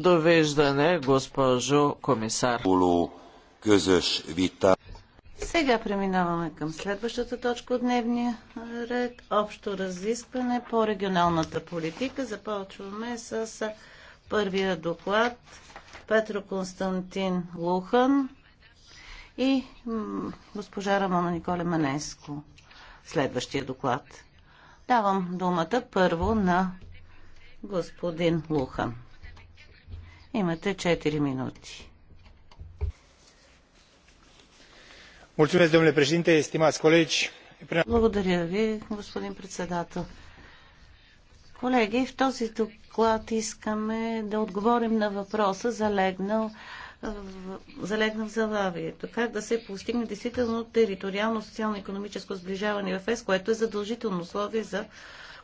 Довеждане, госпожо комисар. Сега преминаваме към следващата точка от дневния ред. Общо разискване по регионалната политика. Започваме с първия доклад. Петро Константин Лухан и госпожа Рамона Николе Манеско. Следващия доклад. Давам думата първо на господин Лухан. Имате 4 минути. Mulțumesc, domnule președinte, estimați colegi. Благодаря ви, господин председател. Колеги, в този доклад искаме да отговорим на въпроса, залегнал залегна в залавието. Как да се постигне действително териториално социално-економическо сближаване в ЕС, което е задължително условие за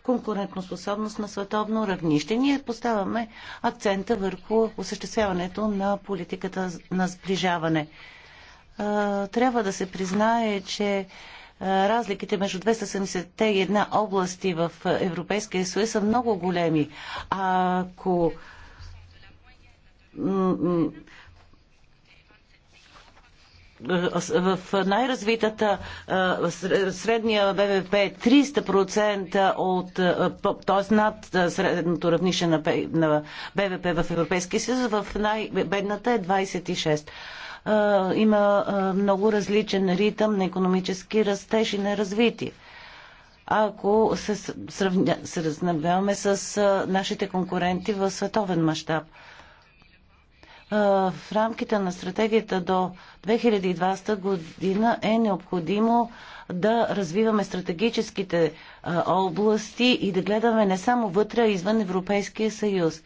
конкурентоспособност на световно равнище. Ние поставяме акцента върху осъществяването на политиката на сближаване. Трябва да се признае, че разликите между 270-те и една области в Европейския съюз са много големи. Ако в най-развитата средния БВП 300% е от, т.е. над средното равнище на БВП в Европейския съюз, в най-бедната е 26 има много различен ритъм на економически растеж и на развитие. Ако се сравняваме с нашите конкуренти в световен мащаб в рамките на стратегията до 2020 година е необходимо да развиваме стратегическите области и да гледаме не само вътре, а извън Европейския съюз.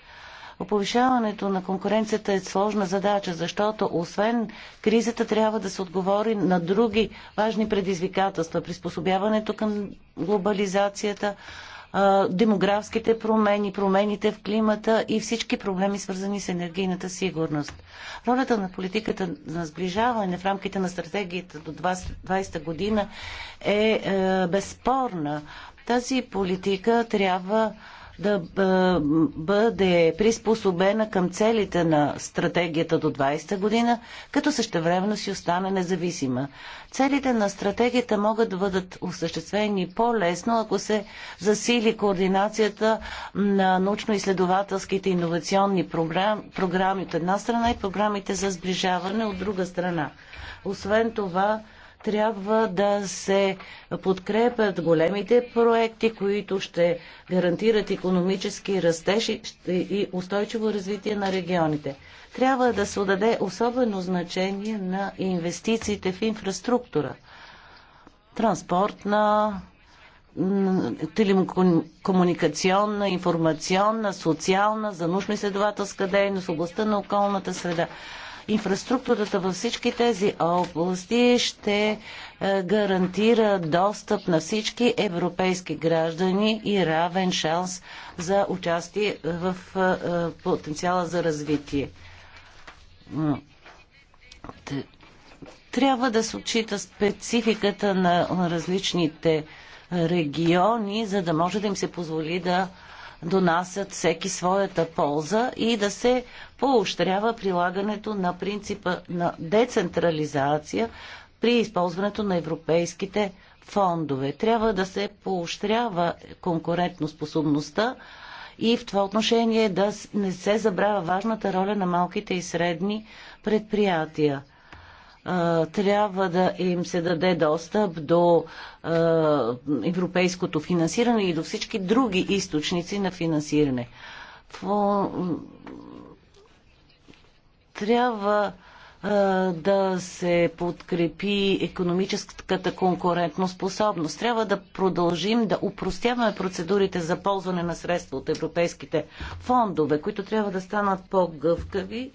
Повишаването на конкуренцията е сложна задача, защото освен кризата трябва да се отговори на други важни предизвикателства. Приспособяването към глобализацията, демографските промени, промените в климата и всички проблеми, свързани с енергийната сигурност. Ролята на политиката на сближаване в рамките на стратегията до 2020 година е, е безспорна. Тази политика трябва да бъде приспособена към целите на стратегията до 20-та година, като същевременно си остане независима. Целите на стратегията могат да бъдат осъществени по-лесно, ако се засили координацията на научно-изследователските иновационни програми, програми от една страна и програмите за сближаване от друга страна. Освен това, трябва да се подкрепят големите проекти, които ще гарантират економически растеж и устойчиво развитие на регионите. Трябва да се отдаде особено значение на инвестициите в инфраструктура, транспортна, телекомуникационна, информационна, социална, за научно-изследователска дейност, областта на околната среда инфраструктурата във всички тези области ще е, гарантира достъп на всички европейски граждани и равен шанс за участие в е, е, потенциала за развитие. Трябва да се отчита спецификата на различните региони, за да може да им се позволи да донасят всеки своята полза и да се поощрява прилагането на принципа на децентрализация при използването на европейските фондове. Трябва да се поощрява конкурентоспособността и в това отношение да не се забравя важната роля на малките и средни предприятия трябва да им се даде достъп до европейското финансиране и до всички други източници на финансиране. Трябва да се подкрепи економическата конкурентоспособност. Трябва да продължим да упростяваме процедурите за ползване на средства от европейските фондове, които трябва да станат по-гъвкави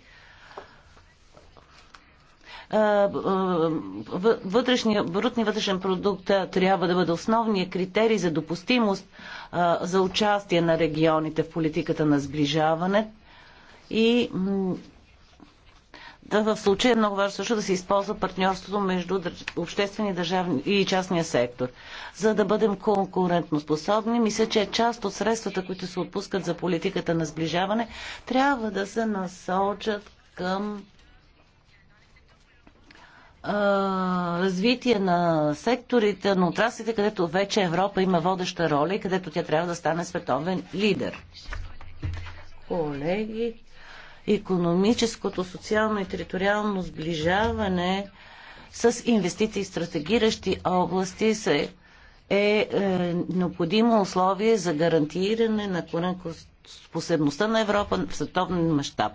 вътрешния, брутни вътрешен продукт трябва да бъде основния критерий за допустимост за участие на регионите в политиката на сближаване и да, в случая е много важно също да се използва партньорството между обществени държавни и частния сектор. За да бъдем конкурентноспособни, мисля, че част от средствата, които се отпускат за политиката на сближаване, трябва да се насочат към развитие на секторите, на отраслите, където вече Европа има водеща роля и където тя трябва да стане световен лидер. Колеги, економическото, социално и териториално сближаване с инвестиции в стратегиращи области се е, е необходимо условие за гарантиране на конкурентоспособността на Европа в световен мащаб.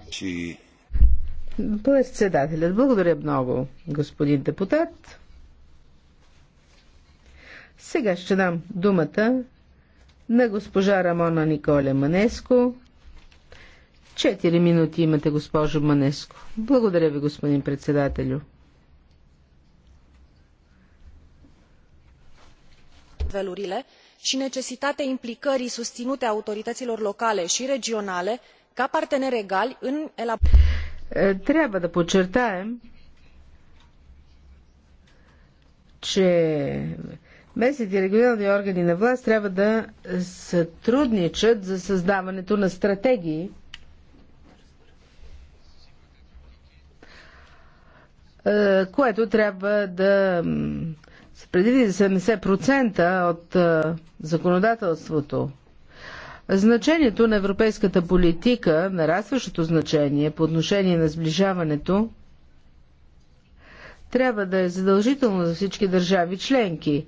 Председателят, благодаря много, господин депутат. Сега ще дам думата на госпожа Рамона Николе Манеско. Четири минути имате, госпожо Манеско. Благодаря ви, господин председателю. nivelurile și necesitatea implicării susținute a autorităților locale și regionale ca parteneri egali în elaborarea е, трябва да подчертаем, че местните регионални органи на власт трябва да сътрудничат за създаването на стратегии е, което трябва да се предвиди 70% от е, законодателството. Значението на европейската политика, нарастващото значение по отношение на сближаването, трябва да е задължително за всички държави членки.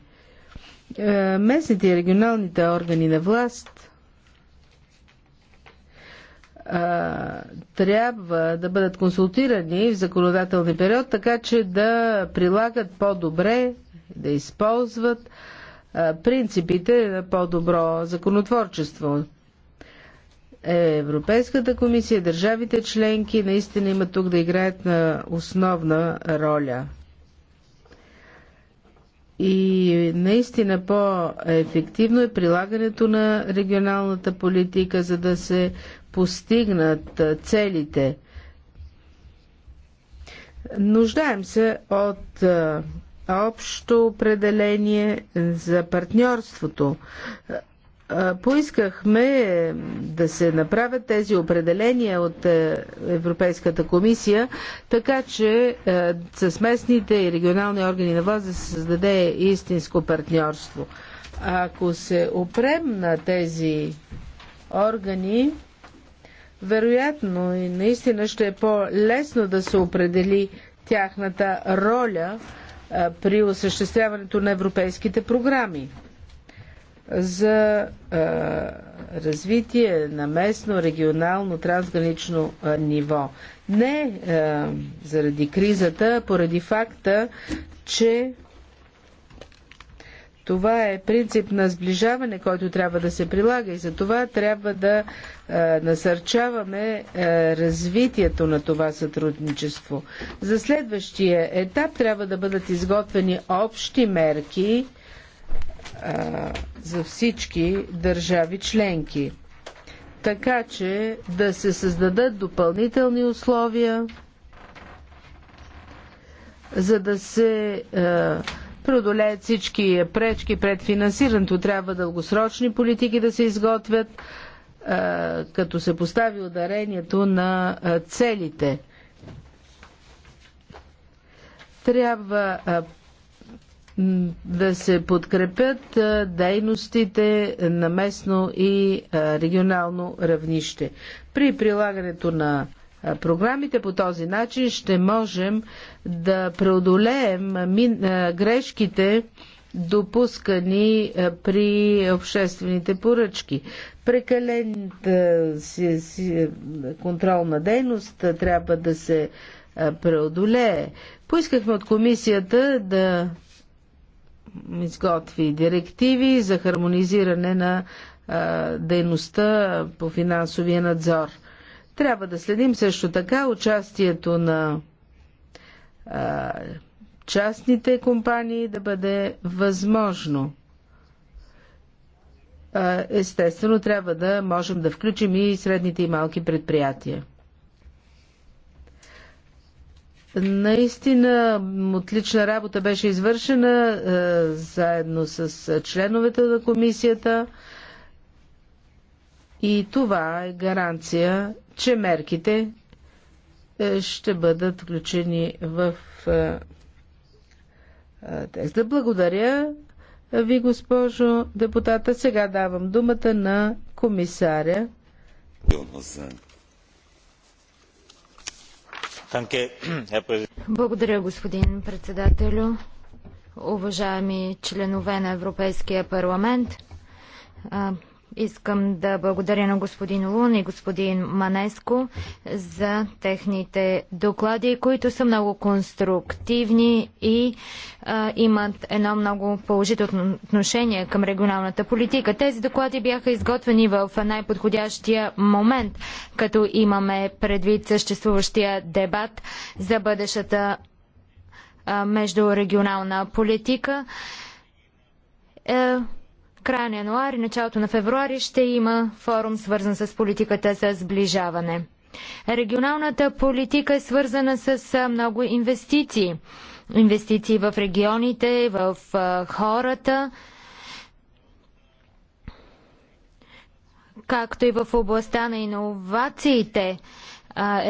Е, местните и регионалните органи на власт трябва да бъдат консултирани в законодателни период, така че да прилагат по-добре, да използват принципите на по-добро законотворчество. Европейската комисия, държавите членки наистина имат тук да играят на основна роля. И наистина по-ефективно е прилагането на регионалната политика, за да се постигнат целите. Нуждаем се от общо определение за партньорството. Поискахме да се направят тези определения от е, Европейската комисия, така че е, с местните и регионални органи на власт да се създаде истинско партньорство. Ако се опрем на тези органи, вероятно и наистина ще е по-лесно да се определи тяхната роля при осъществяването на европейските програми за развитие на местно, регионално, трансгранично ниво. Не заради кризата, поради факта, че това е принцип на сближаване, който трябва да се прилага и за това трябва да е, насърчаваме е, развитието на това сътрудничество. За следващия етап трябва да бъдат изготвени общи мерки е, за всички държави членки, така че да се създадат допълнителни условия, за да се. Е, преодолеят всички пречки пред финансирането. Трябва дългосрочни политики да се изготвят, като се постави ударението на целите. Трябва да се подкрепят дейностите на местно и регионално равнище. При прилагането на програмите. По този начин ще можем да преодолеем грешките, допускани при обществените поръчки. Прекален контролна дейност трябва да се преодолее. Поискахме от комисията да изготви директиви за хармонизиране на дейността по финансовия надзор. Трябва да следим също така участието на а, частните компании да бъде възможно. А, естествено, трябва да можем да включим и средните и малки предприятия. Наистина отлична работа беше извършена а, заедно с членовете на комисията и това е гаранция че мерките е, ще бъдат включени в е, е, текста. Благодаря ви, госпожо депутата. Сега давам думата на комисаря. Благодаря, господин председателю. Уважаеми членове на Европейския парламент, Искам да благодаря на господин Лун и господин Манеско за техните доклади, които са много конструктивни и а, имат едно много положително отношение към регионалната политика. Тези доклади бяха изготвени в най-подходящия момент, като имаме предвид съществуващия дебат за бъдещата а, междурегионална политика. Е, края на януари, началото на февруари ще има форум свързан с политиката за сближаване. Регионалната политика е свързана с много инвестиции. Инвестиции в регионите, в хората, както и в областта на иновациите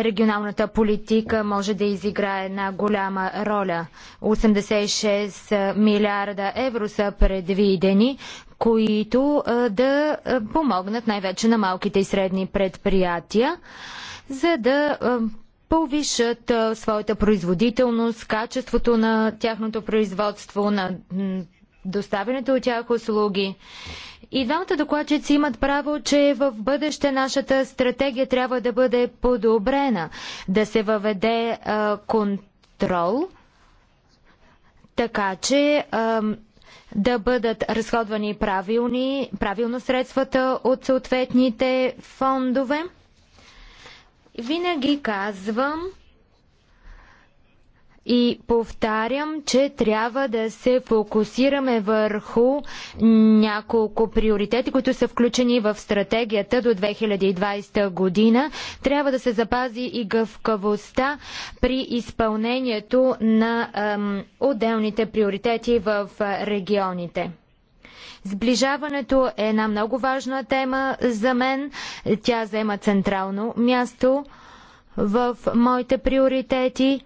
регионалната политика може да изиграе една голяма роля. 86 милиарда евро са предвидени, които да помогнат най-вече на малките и средни предприятия, за да повишат своята производителност, качеството на тяхното производство, на доставянето от тях услуги. И двамата докладчици имат право, че в бъдеще нашата стратегия трябва да бъде подобрена, да се въведе а, контрол, така че а, да бъдат разходвани правилни, правилно средствата от съответните фондове. Винаги казвам, и повтарям, че трябва да се фокусираме върху няколко приоритети, които са включени в стратегията до 2020 година. Трябва да се запази и гъвкавостта при изпълнението на ем, отделните приоритети в регионите. Сближаването е една много важна тема за мен. Тя заема централно място в моите приоритети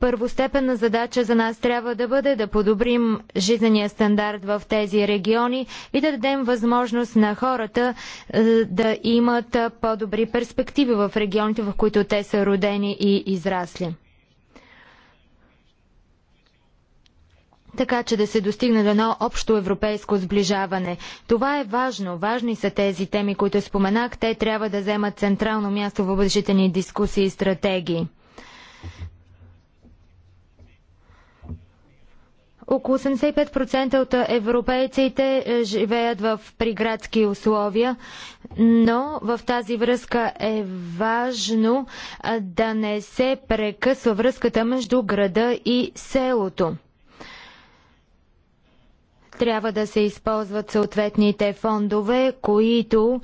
Първостепенна задача за нас трябва да бъде да подобрим жизнения стандарт в тези региони и да дадем възможност на хората е, да имат по-добри перспективи в регионите, в които те са родени и израсли. така че да се достигне до едно общо европейско сближаване. Това е важно. Важни са тези теми, които споменах. Те трябва да вземат централно място в бъдещите ни дискусии и стратегии. Около 85% от европейците е, живеят в приградски условия, но в тази връзка е важно да не се прекъсва връзката между града и селото. Трябва да се използват съответните фондове, които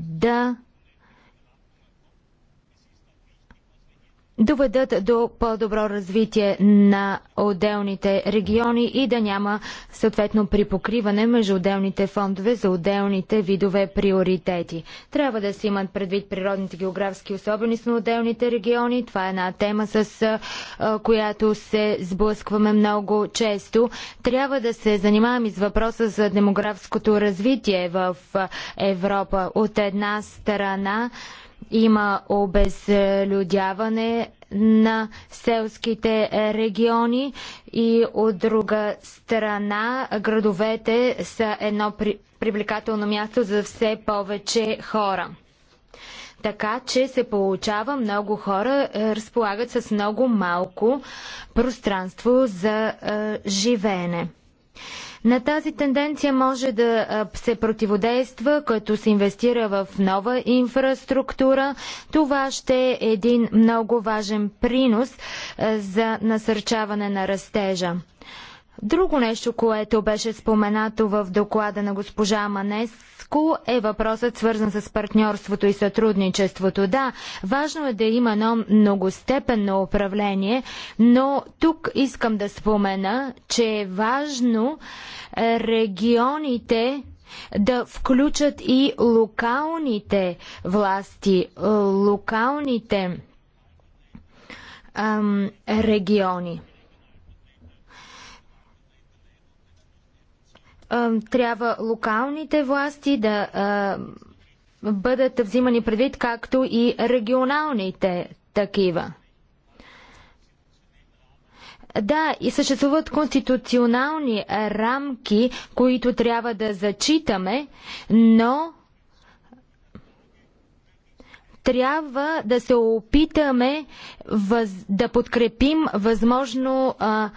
да доведат до по-добро развитие на отделните региони и да няма съответно припокриване между отделните фондове за отделните видове приоритети. Трябва да се имат предвид природните географски особености на отделните региони. Това е една тема, с която се сблъскваме много често. Трябва да се занимаваме и с въпроса за демографското развитие в Европа. От една страна, има обезлюдяване на селските региони и от друга страна градовете са едно при... привлекателно място за все повече хора. Така че се получава много хора е, разполагат с много малко пространство за е, живеене. На тази тенденция може да се противодейства, като се инвестира в нова инфраструктура. Това ще е един много важен принос за насърчаване на растежа. Друго нещо, което беше споменато в доклада на госпожа Манес, Паско е въпросът свързан с партньорството и сътрудничеството. Да, важно е да има едно многостепенно управление, но тук искам да спомена, че е важно е, регионите да включат и локалните власти, локалните ам, региони. трябва локалните власти да бъдат взимани предвид, както и регионалните такива. Да, и съществуват конституционални рамки, които трябва да зачитаме, но трябва да се опитаме въз... да подкрепим възможно а,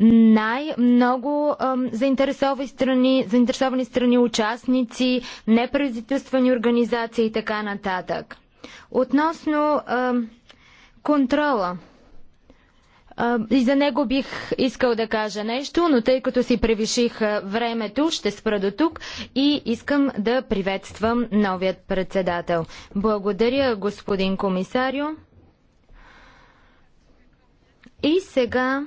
най-много заинтересовани страни, заинтересовани страни, участници, неправителствени организации и така нататък. Относно а, контрола. А, и за него бих искал да кажа нещо, но тъй като си превиших времето, ще спра до тук и искам да приветствам новият председател. Благодаря, господин комисарио. И сега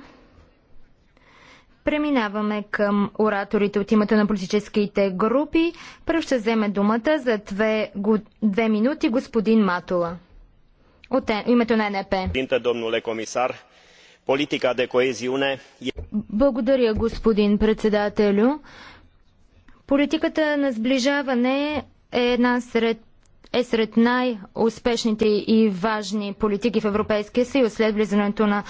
Преминаваме към ораторите от името на политическите групи. Първо ще вземе думата за две, две минути господин Матула. От е, името на НП. E- Благодаря, господин председателю. Политиката на сближаване е една сред е сред най-успешните и важни политики в Европейския съюз след влизането на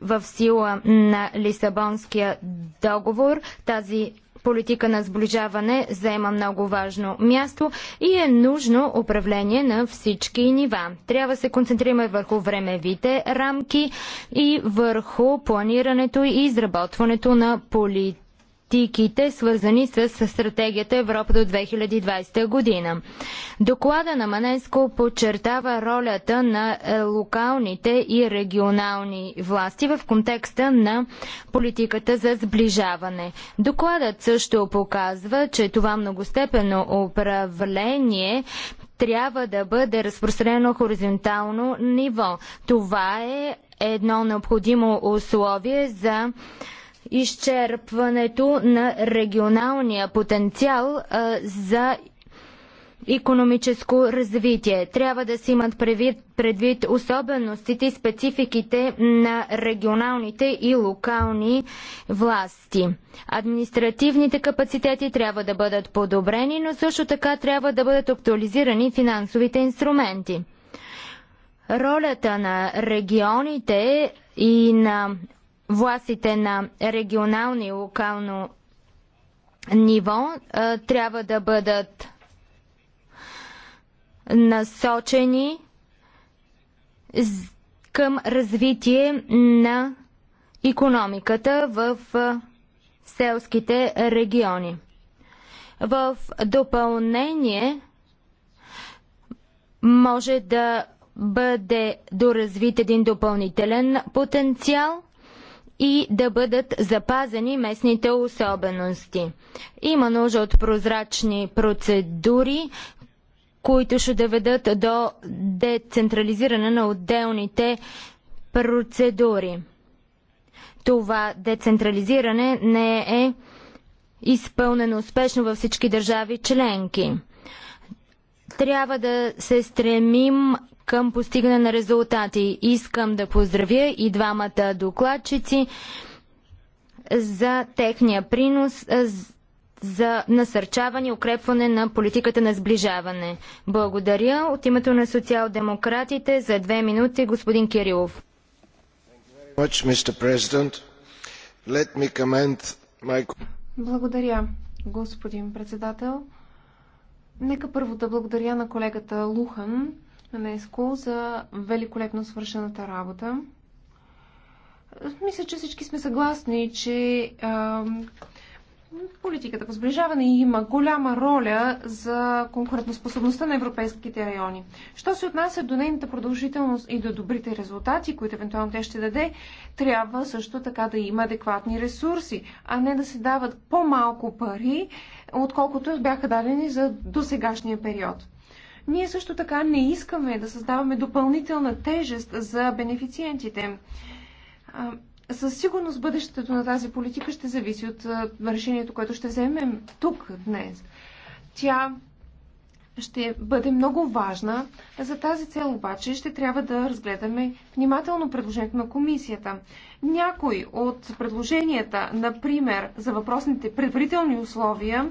в сила на Лисабонския договор. Тази политика на сближаване заема много важно място и е нужно управление на всички нива. Трябва да се концентрираме върху времевите рамки и върху планирането и изработването на политика политиките, свързани с стратегията Европа до 2020 година. Доклада на Маненско подчертава ролята на е, локалните и регионални власти в контекста на политиката за сближаване. Докладът също показва, че това многостепенно управление трябва да бъде разпространено хоризонтално ниво. Това е едно необходимо условие за изчерпването на регионалния потенциал а, за економическо развитие. Трябва да се имат предвид, предвид особеностите и спецификите на регионалните и локални власти. Административните капацитети трябва да бъдат подобрени, но също така трябва да бъдат актуализирани финансовите инструменти. Ролята на регионите и на властите на регионално и локално ниво трябва да бъдат насочени към развитие на економиката в селските региони. В допълнение може да бъде доразвит един допълнителен потенциал – и да бъдат запазени местните особености. Има нужда от прозрачни процедури, които ще доведат до децентрализиране на отделните процедури. Това децентрализиране не е изпълнено успешно във всички държави членки. Трябва да се стремим към постигане на резултати. Искам да поздравя и двамата докладчици за техния принос за насърчаване и укрепване на политиката на сближаване. Благодаря от името на социал-демократите за две минути господин Кирилов. Благодаря, господин председател. Нека първо да благодаря на колегата Лухан на НЕСКО за великолепно свършената работа. Мисля, че всички сме съгласни, че а, политиката по сближаване има голяма роля за конкурентоспособността на европейските райони. Що се отнася до нейната продължителност и до добрите резултати, които евентуално те ще даде, трябва също така да има адекватни ресурси, а не да се дават по-малко пари, отколкото бяха дадени за досегашния период. Ние също така не искаме да създаваме допълнителна тежест за бенефициентите. Със сигурност бъдещето на тази политика ще зависи от решението, което ще вземем тук днес. Тя ще бъде много важна. За тази цел обаче ще трябва да разгледаме внимателно предложението на комисията. Някои от предложенията, например за въпросните предварителни условия,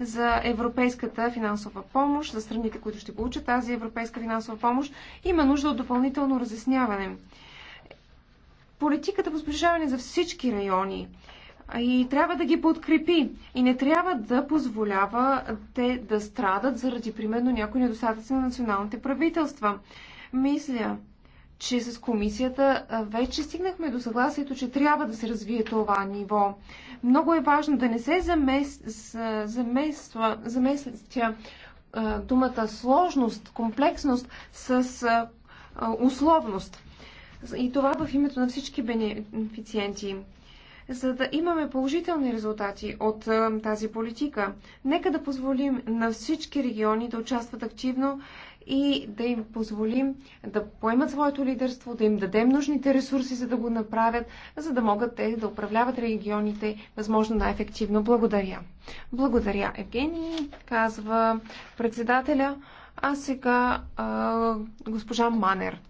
за европейската финансова помощ, за страните, които ще получат тази европейска финансова помощ, има нужда от допълнително разясняване. Политиката по сближаване за всички райони и трябва да ги подкрепи и не трябва да позволява те да страдат заради, примерно, някои недостатъци на националните правителства. Мисля, че с комисията вече стигнахме до съгласието, че трябва да се развие това ниво. Много е важно да не се замества думата сложност, комплексност с условност. И това в името на всички бенефициенти. За да имаме положителни резултати от тази политика, нека да позволим на всички региони да участват активно и да им позволим да поемат своето лидерство, да им дадем нужните ресурси, за да го направят, за да могат те да управляват регионите възможно най-ефективно. Благодаря. Благодаря, Евгений, казва председателя. А сега а, госпожа Манер.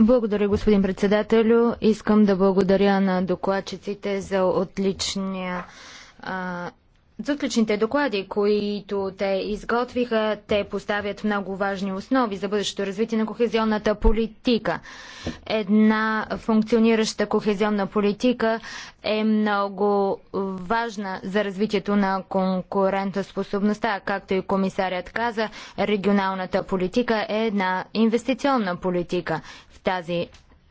Благодаря, господин председателю. Искам да благодаря на докладчиците за отличния а, Заключните доклади, които те изготвиха, те поставят много важни основи за бъдещето развитие на кохезионната политика. Една функционираща кохезионна политика е много важна за развитието на конкурентоспособността. Както и комисарят каза, регионалната политика е една инвестиционна политика. В тази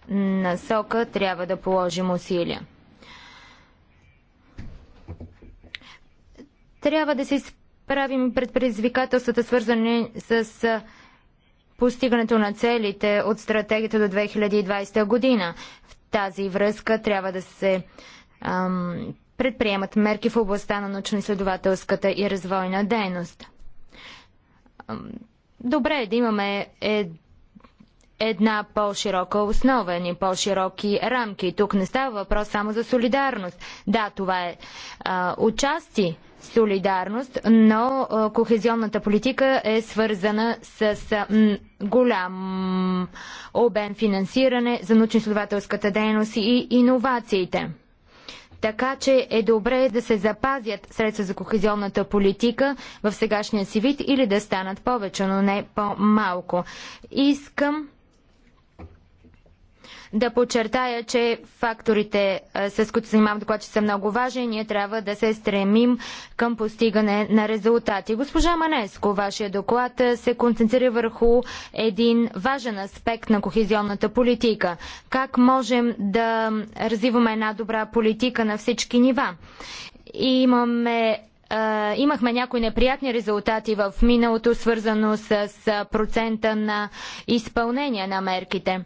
насока трябва да положим усилия. Трябва да се изправим пред предизвикателствата, свързани с постигането на целите от стратегията до 2020 година. В тази връзка трябва да се ам, предприемат мерки в областта на научно-изследователската и развойна дейност. Добре е да имаме е, една по-широка основа и по-широки рамки. Тук не става въпрос само за солидарност. Да, това е а, участие, солидарност, но кохезионната политика е свързана с голям обем финансиране за научно-изследователската дейност и иновациите. Така че е добре да се запазят средства за кохезионната политика в сегашния си вид или да станат повече, но не по-малко. Искам да подчертая, че факторите, с които се занимавам доклад, че са много важни. Ние трябва да се стремим към постигане на резултати. Госпожа Манеско, вашия доклад се концентрира върху един важен аспект на кохезионната политика. Как можем да развиваме една добра политика на всички нива? И имаме имахме някои неприятни резултати в миналото, свързано с процента на изпълнение на мерките.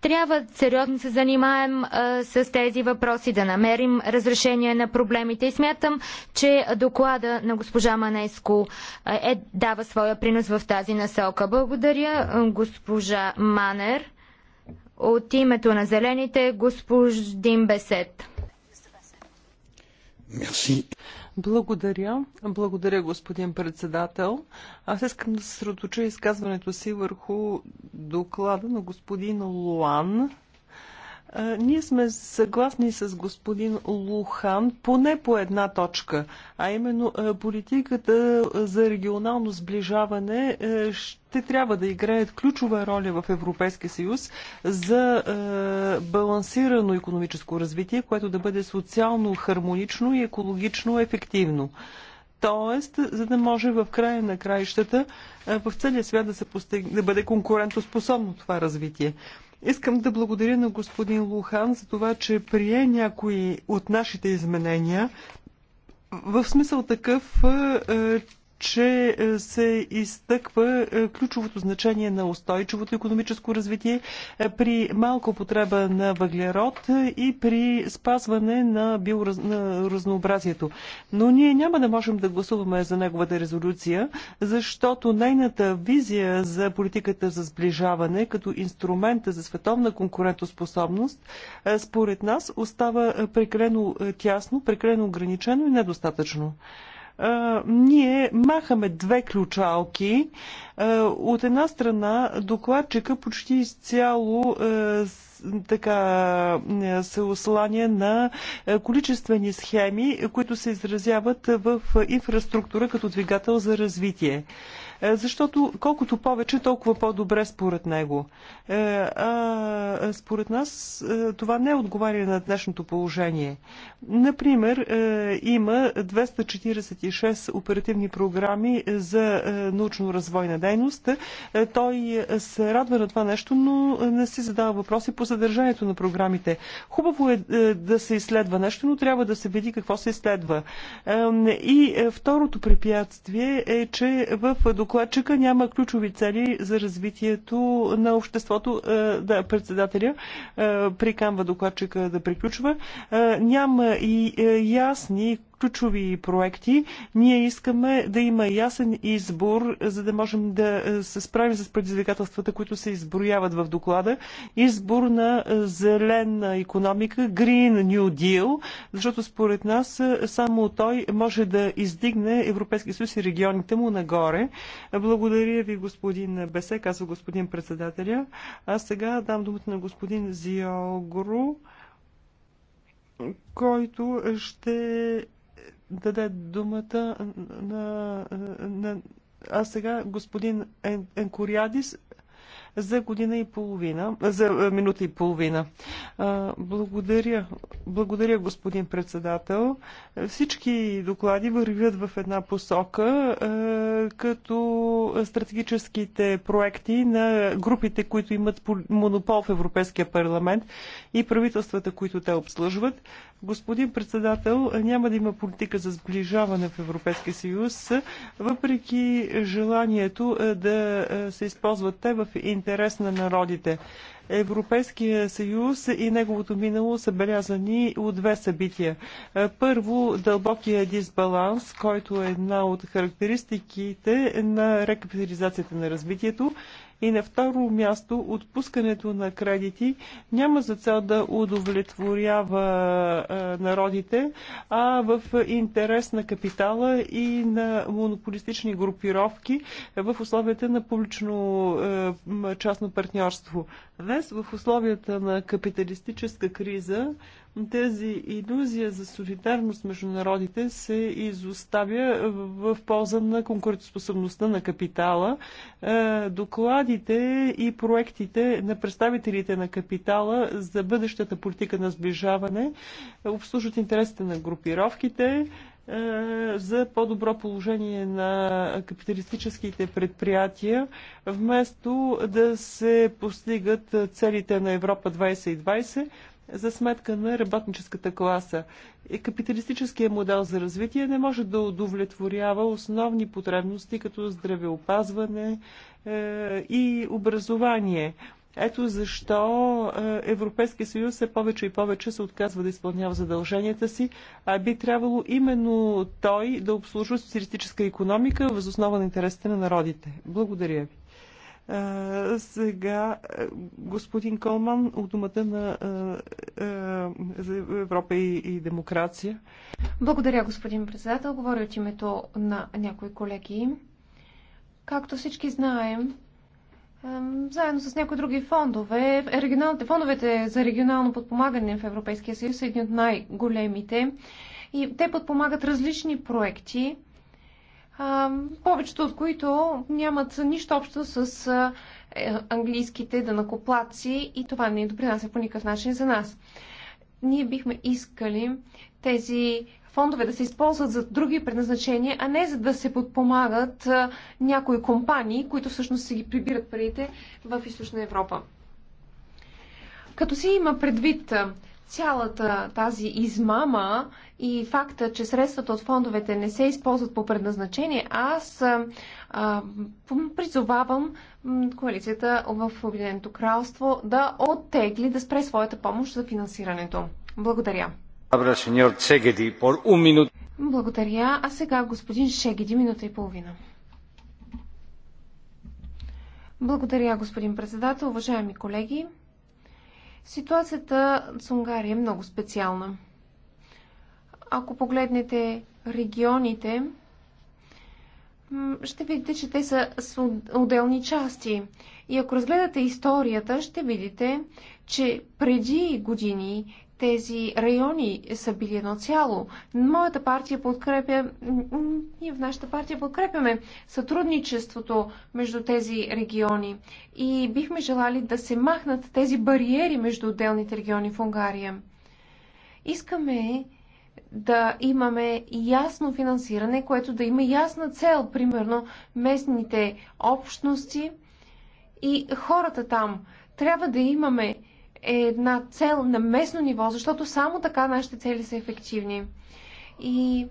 Трябва сериозно се занимаем а, с тези въпроси, да намерим разрешение на проблемите и смятам, че доклада на госпожа Манеско е, дава своя принос в тази насока. Благодаря госпожа Манер. От името на зелените господин Бесет. Мерси. Благодаря. Благодаря, господин председател. Аз искам да се средоча изказването си върху доклада на господин Луан ние сме съгласни с господин Лухан поне по една точка, а именно политиката за регионално сближаване ще трябва да играят ключова роля в Европейския съюз за балансирано економическо развитие, което да бъде социално хармонично и екологично ефективно. Тоест, за да може в края на краищата в целия свят да, се постиг... да бъде конкурентоспособно това развитие. Искам да благодаря на господин Лухан за това, че прие някои от нашите изменения, в смисъл такъв, е, че е, се изтъква е, ключовото значение на устойчивото економическо развитие е, при малко потреба на въглерод и при спазване на, биоразнообразието. разнообразието. Но ние няма да можем да гласуваме за неговата резолюция, защото нейната визия за политиката за сближаване като инструмента за световна конкурентоспособност според нас остава прекалено тясно, прекалено ограничено и недостатъчно ние махаме две ключалки. От една страна докладчика почти изцяло така се осланя на количествени схеми, които се изразяват в инфраструктура като двигател за развитие. Е, защото колкото повече, толкова по-добре според него. Е, а, според нас е, това не е отговаря на днешното положение. Например, има 246 оперативни програми за научно-развойна дейност. Той се радва на това нещо, но не си задава въпроси по съдържанието на програмите. Хубаво е да се изследва нещо, но трябва да се види какво се изследва. И второто препятствие е, че в доклада докладчика няма ключови цели за развитието на обществото. Е, да, председателя е, прикамва докладчика да приключва. Е, няма и ясни ключови проекти. Ние искаме да има ясен избор, за да можем да е, се справим с предизвикателствата, които се изброяват в доклада. Избор на е, зелена економика, Green New Deal, защото според нас е, само той може да издигне Европейския съюз и регионите му нагоре. Благодаря ви, господин Бесе, казва господин председателя. А сега дам думата на господин Зиогру който ще даде думата на, на... А сега господин Енкориадис за година и половина, за минута и половина. Благодаря. Благодаря, господин председател. Всички доклади вървят в една посока, като стратегическите проекти на групите, които имат монопол в Европейския парламент и правителствата, които те обслужват. Господин председател, няма да има политика за сближаване в Европейския съюз, въпреки желанието да се използват те в интернет интерес на народите. Европейския съюз и неговото минало са белязани от две събития. Е, първо, дълбокия дисбаланс, който е една от характеристиките на рекапитализацията на развитието и на второ място, отпускането на кредити няма за цел да удовлетворява народите, а в интерес на капитала и на монополистични групировки в условията на публично-частно партньорство. Днес в условията на капиталистическа криза тази иллюзия за солидарност между народите се изоставя в полза на конкурентоспособността на капитала. Е, докладите и проектите на представителите на капитала за бъдещата политика на сближаване обслужват интересите на групировките, е, за по-добро положение на капиталистическите предприятия, вместо да се постигат целите на Европа 2020, за сметка на работническата класа. Капиталистическия модел за развитие не може да удовлетворява основни потребности като здравеопазване е, и образование. Ето защо е, Европейския съюз все повече и повече се отказва да изпълнява задълженията си, а би трябвало именно той да обслужва социалистическа економика възоснова основа на интересите на народите. Благодаря ви. Сега господин Колман от думата на Европа и демокрация. Благодаря, господин председател. Говоря от името на някои колеги. Както всички знаем, заедно с някои други фондове. Регионалните фондовете за регионално подпомагане в Европейския съюз са едни от най-големите и те подпомагат различни проекти повечето от които нямат нищо общо с е, английските дънакоплаци и това не допринася по никакъв начин за нас. Ние бихме искали тези фондове да се използват за други предназначения, а не за да се подпомагат някои компании, които всъщност си ги прибират парите в Източна Европа. Като си има предвид цялата тази измама и факта, че средствата от фондовете не се използват по предназначение, аз а, призовавам коалицията в Обединеното кралство да оттегли, да спре своята помощ за финансирането. Благодаря. Благодаря. А сега господин Шегеди, минута и половина. Благодаря, господин председател, уважаеми колеги. Ситуацията с Унгария е много специална. Ако погледнете регионите, ще видите, че те са с отделни части. И ако разгледате историята, ще видите, че преди години тези райони са били едно цяло. Моята партия подкрепя, ние в нашата партия подкрепяме сътрудничеството между тези региони и бихме желали да се махнат тези бариери между отделните региони в Унгария. Искаме да имаме ясно финансиране, което да има ясна цел, примерно местните общности и хората там. Трябва да имаме е една цел на местно ниво, защото само така нашите цели са ефективни. И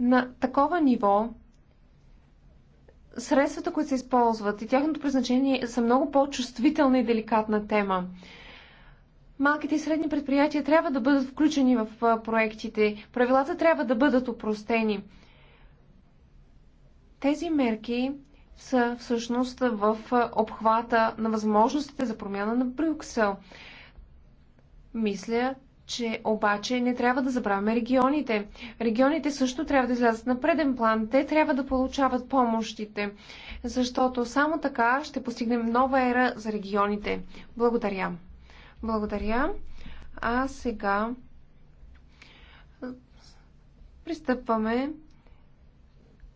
на такова ниво средствата, които се използват и тяхното призначение са много по-чувствителна и деликатна тема. Малките и средни предприятия трябва да бъдат включени в проектите, правилата трябва да бъдат упростени. Тези мерки са всъщност в обхвата на възможностите за промяна на Брюксел. Мисля, че обаче не трябва да забравяме регионите. Регионите също трябва да излязат на преден план. Те трябва да получават помощите, защото само така ще постигнем нова ера за регионите. Благодаря. Благодаря. А сега пристъпваме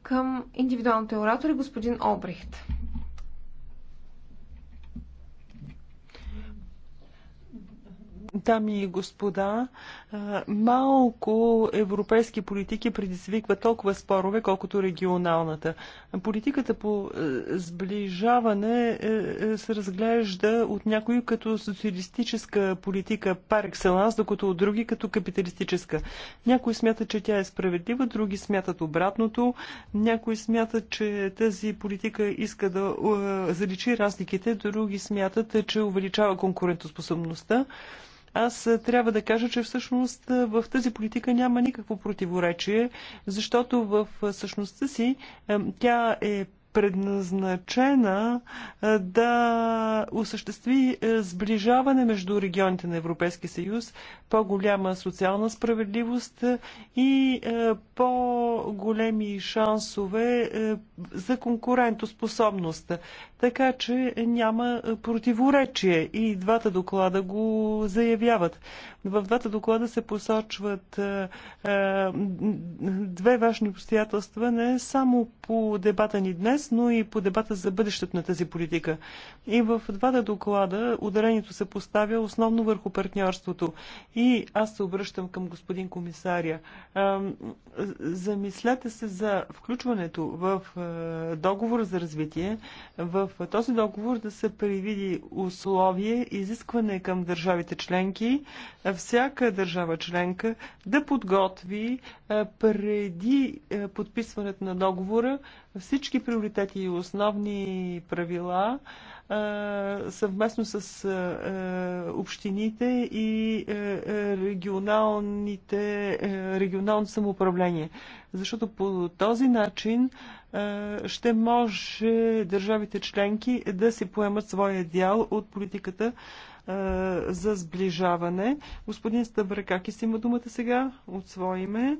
към индивидуалните оратори господин Обрехт. Дами и господа, малко европейски политики предизвиква толкова спорове, колкото регионалната. Политиката по сближаване е, е, се разглежда от някои като социалистическа политика пар екселанс, докато от други като капиталистическа. Някои смятат, че тя е справедлива, други смятат обратното, някои смятат, че тази политика иска да е, заличи разликите, други смятат, че увеличава конкурентоспособността. Аз е, трябва да кажа, че всъщност е, в тази политика няма никакво противоречие, защото в е, същността си тя е предназначена да осъществи сближаване между регионите на Европейския съюз, по-голяма социална справедливост и по-големи шансове за конкурентоспособност. Така че няма противоречие и двата доклада го заявяват. В двата доклада се посочват две важни обстоятелства не само по дебата ни днес, днес, но и по дебата за бъдещето на тази политика. И в двата доклада ударението се поставя основно върху партньорството. И аз се обръщам към господин комисаря. Замислете се за включването в договор за развитие. В този договор да се привиди условие, изискване към държавите членки, всяка държава членка да подготви преди подписването на договора всички приоритети и основни правила съвместно с общините и регионалните, регионално самоуправление. Защото по този начин ще може държавите членки да си поемат своя дял от политиката за сближаване. Господин Стабракакис има думата сега от свое име.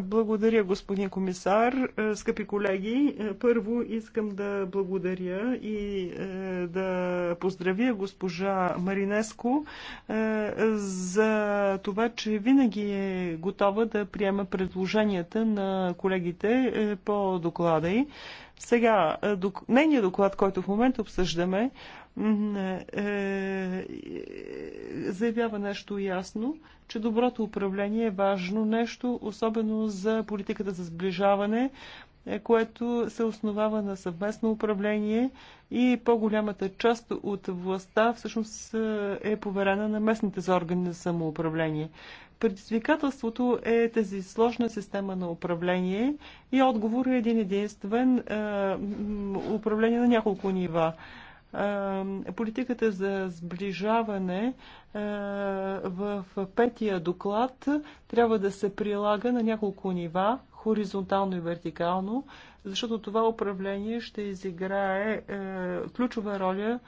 Благодаря, господин комисар. Е, скъпи колеги, е, първо искам да благодаря и е, да поздравя госпожа Маринеско за това, че винаги е готова да приема предложенията на колегите по доклада й. Сега, нейният доклад, който в момента обсъждаме, е, е, заявява нещо ясно, че доброто управление е важно нещо, особено за политиката за сближаване, е, което се основава на съвместно управление и по-голямата част от властта всъщност е поверена на местните за органи на самоуправление. Предизвикателството е тази сложна система на управление и отговор е един единствен е, управление на няколко нива. Политиката за сближаване в петия доклад трябва да се прилага на няколко нива, хоризонтално и вертикално, защото това управление ще изиграе ключова роля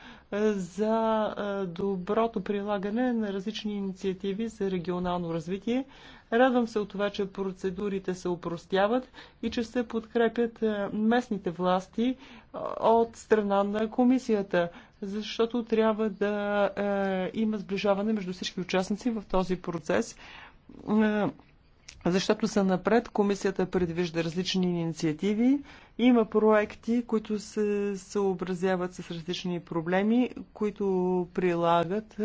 за доброто прилагане на различни инициативи за регионално развитие, Радвам се от това, че процедурите се упростяват и че се подкрепят е, местните власти е, от страна на комисията, защото трябва да е, има сближаване между всички участници в този процес защото са напред комисията предвижда различни инициативи. Има проекти, които се съобразяват с различни проблеми, които прилагат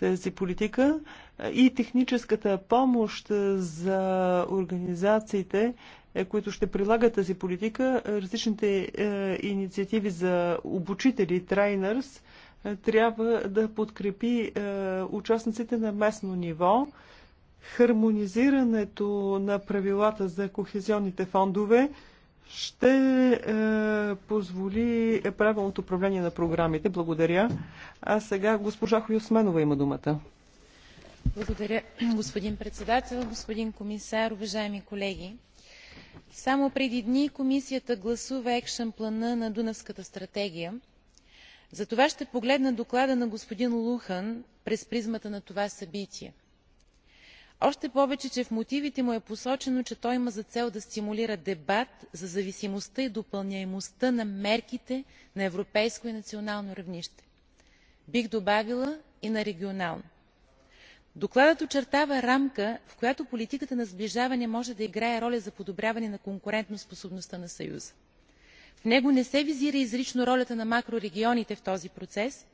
тази политика е, и техническата помощ е, за организациите, е, които ще прилагат тази политика, различните инициативи за обучители, трейнърс, трябва да подкрепи участниците на местно ниво. Хармонизирането на правилата за кохезионните фондове ще е, позволи правилното управление на програмите. Благодаря. А сега госпожа Хоюсменова има думата. Благодаря, господин председател, господин комисар, уважаеми колеги. Само преди дни комисията гласува екшен плана на Дунавската стратегия. Затова ще погледна доклада на господин Лухан през призмата на това събитие още повече че в мотивите му е посочено че той има за цел да стимулира дебат за зависимостта и допълняемостта на мерките на европейско и национално равнище бих добавила и на регионално. докладът очертава рамка в която политиката на сближаване може да играе роля за подобряване на конкурентоспособността на съюза. в него не се визира изрично ролята на макрорегионите в този процес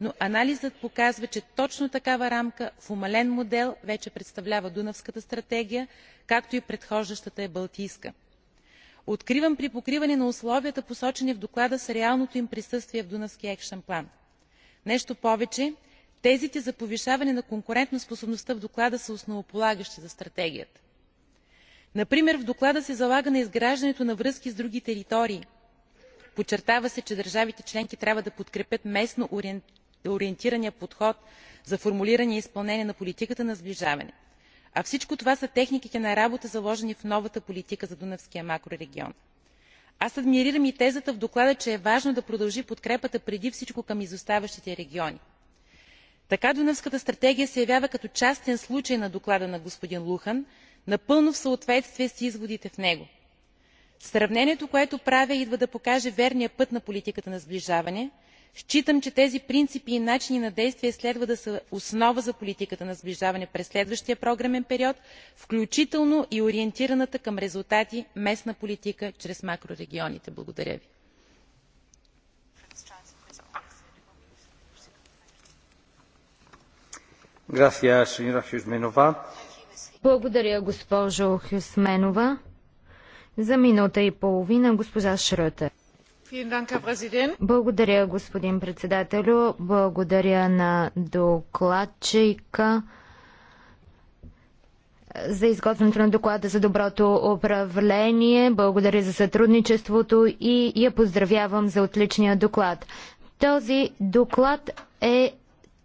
но анализът показва че точно такава рамка в умален модел вече представлява дунавската стратегия както и предхождащата я е балтийска. откривам припокриване на условията посочени в доклада с реалното им присъствие в дунавския екшън план. нещо повече тезите за повишаване на конкурентоспособността в доклада са основополагащи за стратегията. например в доклада се залага на изграждането на връзки с други територии. подчертава се че държавите членки трябва да подкрепят местно е ориентирания подход за формулиране и изпълнение на политиката на сближаване а всичко това са техниките на работа заложени в новата политика за дунавския макрорегион. аз адмирирам и тезата в доклада че е важно да продължи подкрепата преди всичко към изоставащите региони. така дунавската стратегия се явява като частен случай на доклада на господин лухан напълно в съответствие с изводите в него. сравнението което правя идва да покаже верния път на политиката на сближаване считам че тези принципи и начини на действие следва да са основа за политиката на сближаване през следващия програмен период включително и ориентираната към резултати местна политика чрез макрорегионите. благодаря ви. Благодаря, госпожо Хюсменова. За минута и половина госпожа благодаря, господин председателю. Благодаря на докладчика за изготвянето на доклада за доброто управление. Благодаря за сътрудничеството и я поздравявам за отличния доклад. Този доклад е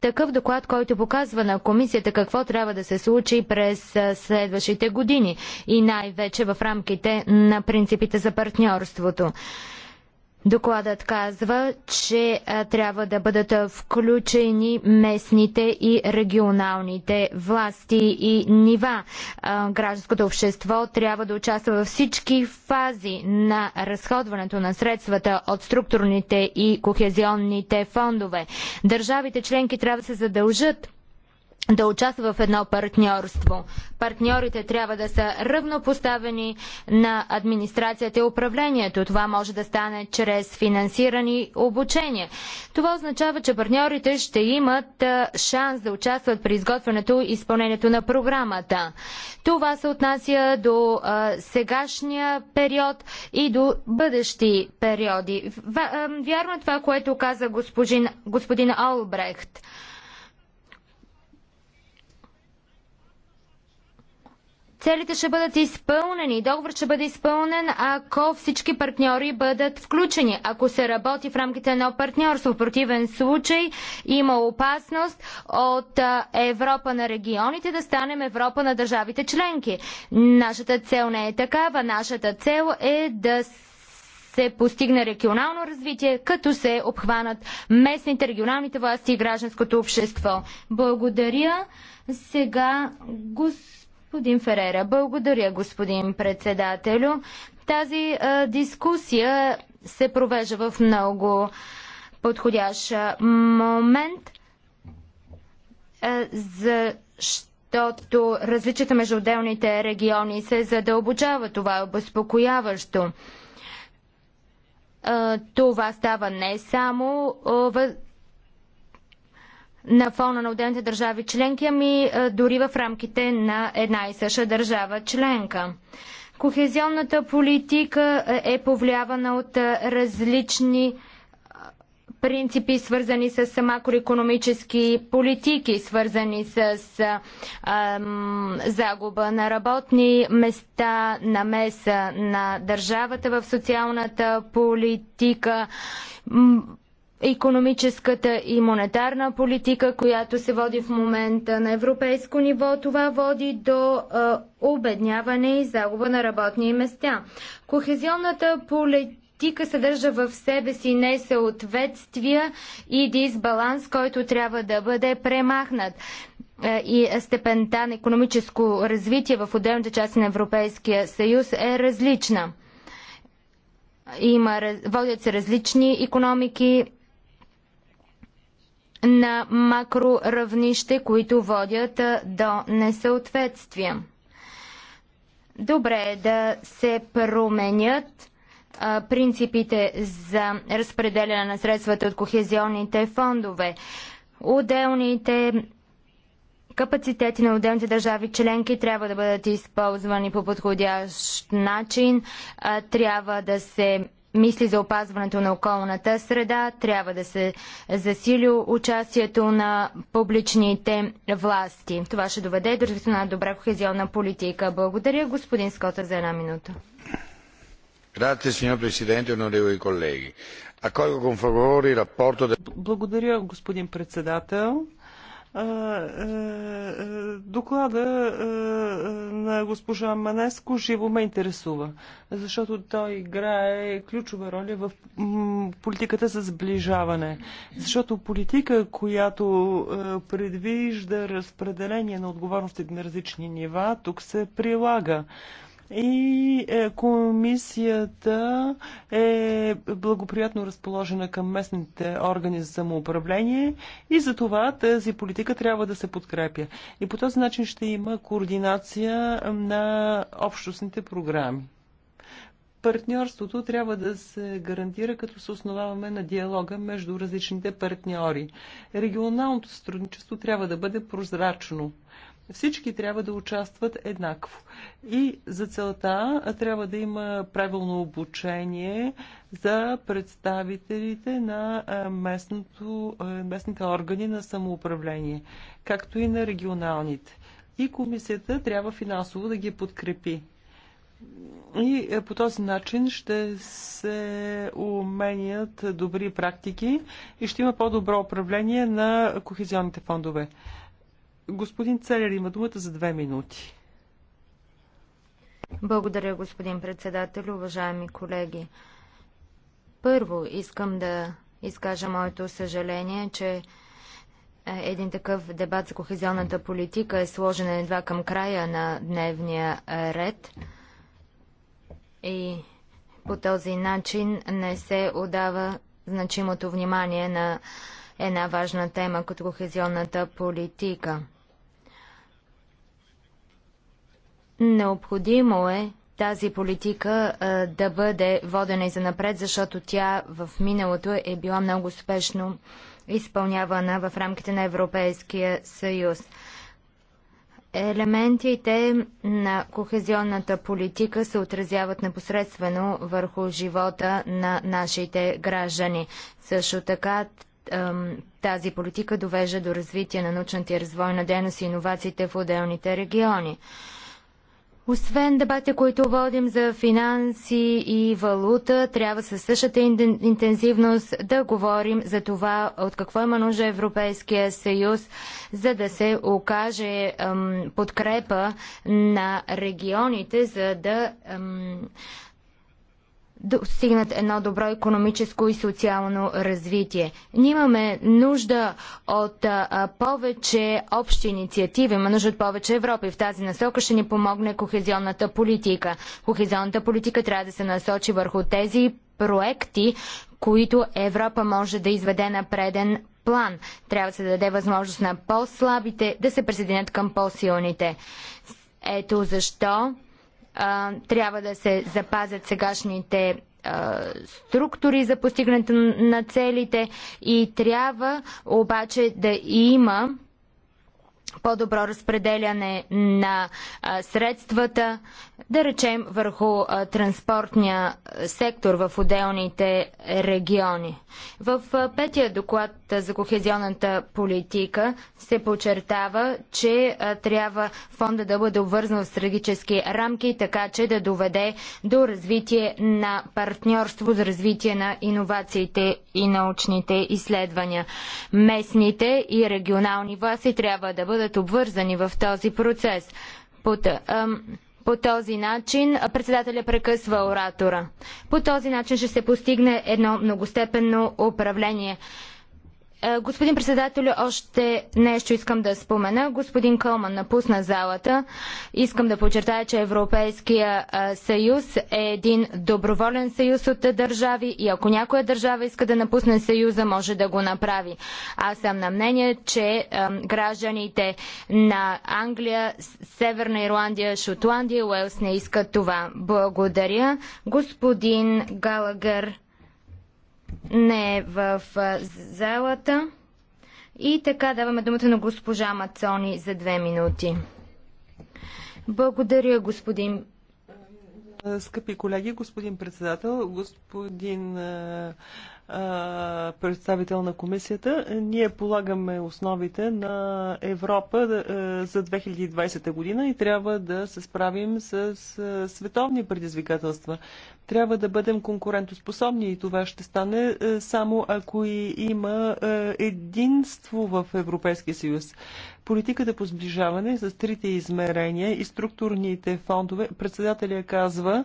такъв доклад, който показва на комисията какво трябва да се случи през следващите години и най-вече в рамките на принципите за партньорството. Докладът казва, че трябва да бъдат включени местните и регионалните власти и нива. гражданското общество трябва да участва във всички фази на разходването на средствата от структурните и кохезионните фондове. Държавите членки трябва да се задължат да участва в едно партньорство. Партньорите трябва да са равнопоставени на администрацията и управлението. Това може да стане чрез финансирани обучение. Това означава, че партньорите ще имат шанс да участват при изготвянето и изпълнението на програмата. Това се отнася до сегашния период и до бъдещи периоди. Вярно е това, което каза господин, господин Олбрехт. Целите ще бъдат изпълнени, договор ще бъде изпълнен, ако всички партньори бъдат включени, ако се работи в рамките на партньорство. В противен случай има опасност от Европа на регионите да станем Европа на държавите членки. Нашата цел не е такава. Нашата цел е да се постигне регионално развитие, като се обхванат местните, регионалните власти и гражданското общество. Благодаря. Сега господин Господин Ферера, благодаря, господин председателю. Тази а, дискусия се провежда в много подходящ момент, а, защото различията между отделните региони се задълбочава. Това е обезпокояващо. А, това става не само в на фона на отделните държави членки, ами е, дори в рамките на една и съща държава членка. Кохезионната политика е, е повлиявана от е, различни принципи, свързани с макроекономически политики, свързани с ам, загуба на работни места, намеса на държавата в социалната политика економическата и монетарна политика, която се води в момента на европейско ниво, това води до а, обедняване и загуба на работни места. Кохезионната политика съдържа в себе си несъответствия и дисбаланс, който трябва да бъде премахнат е, и степента на економическо развитие в отделните части на Европейския съюз е различна има, водят се различни економики, на макроравнище, които водят до несъответствия. Добре е да се променят принципите за разпределяне на средствата от кохезионните фондове. Отделните капацитети на отделните държави членки трябва да бъдат използвани по подходящ начин, трябва да се мисли за опазването на околната среда, трябва да се засили участието на публичните власти. Това ще доведе до на добра кохезионна политика. Благодаря господин Скота за една минута. Благодаря, господин председател. Е, е, доклада е, на госпожа Манеско живо ме интересува, защото той играе ключова роля в политиката за сближаване. Защото политика, която предвижда разпределение на отговорностите на различни нива, тук се прилага и е, комисията е благоприятно разположена към местните органи за самоуправление и за това тази политика трябва да се подкрепя. И по този начин ще има координация на общностните програми. Партньорството трябва да се гарантира, като се основаваме на диалога между различните партньори. Регионалното сътрудничество трябва да бъде прозрачно. Всички трябва да участват еднакво. И за целта трябва да има правилно обучение за представителите на местното, местните органи на самоуправление, както и на регионалните. И комисията трябва финансово да ги подкрепи. И по този начин ще се уменят добри практики и ще има по-добро управление на кохезионните фондове. Господин Целер има думата за две минути. Благодаря, господин председател, уважаеми колеги. Първо искам да изкажа моето съжаление, че е, един такъв дебат за кохезионната политика е сложен едва към края на дневния ред и по този начин не се отдава значимото внимание на една важна тема като кохезионната политика. Необходимо е тази политика а, да бъде водена и за напред, защото тя в миналото е била много успешно изпълнявана в рамките на Европейския съюз. Елементите на кохезионната политика се отразяват непосредствено върху живота на нашите граждани. Също така тази политика довежда до развитие на научната и развойна дейност и иновациите в отделните региони. Освен дебатите, които водим за финанси и валута, трябва със същата интензивност да говорим за това от какво има нужда Европейския съюз, за да се окаже ем, подкрепа на регионите, за да ем, достигнат едно добро економическо и социално развитие. Ние имаме нужда от повече общи инициативи, има нужда от повече Европа и в тази насока ще ни помогне кохезионната политика. Кохезионната политика трябва да се насочи върху тези проекти, които Европа може да изведе на преден план. Трябва да се даде възможност на по-слабите да се присъединят към по-силните. Ето защо трябва да се запазят сегашните структури за постигането на целите и трябва обаче да има по-добро разпределяне на средствата, да речем върху транспортния сектор в отделните региони. В петия доклад за кохезионната политика се подчертава, че трябва фонда да бъде обвързан в стратегически рамки, така че да доведе до развитие на партньорство за развитие на иновациите и научните изследвания. Местните и регионални власти трябва да бъдат бъдат обвързани в този процес. По, по този начин председателя прекъсва оратора. По този начин ще се постигне едно многостепенно управление. Е, господин председател, още нещо искам да спомена. Господин Кълман напусна залата. Искам да подчертая, че Европейския е, съюз е един доброволен съюз от държави и ако някоя държава иска да напусне съюза, може да го направи. Аз съм на мнение, че е, гражданите на Англия, Северна Ирландия, Шотландия Уелс не искат това. Благодаря. Господин Галагър не е в залата. И така даваме думата на госпожа Мацони за две минути. Благодаря, господин Скъпи колеги, господин председател, господин представител на комисията. Ние полагаме основите на Европа за 2020 година и трябва да се справим с световни предизвикателства. Трябва да бъдем конкурентоспособни и това ще стане само ако и има единство в Европейския съюз. Политиката по сближаване с трите измерения и структурните фондове, председателя казва,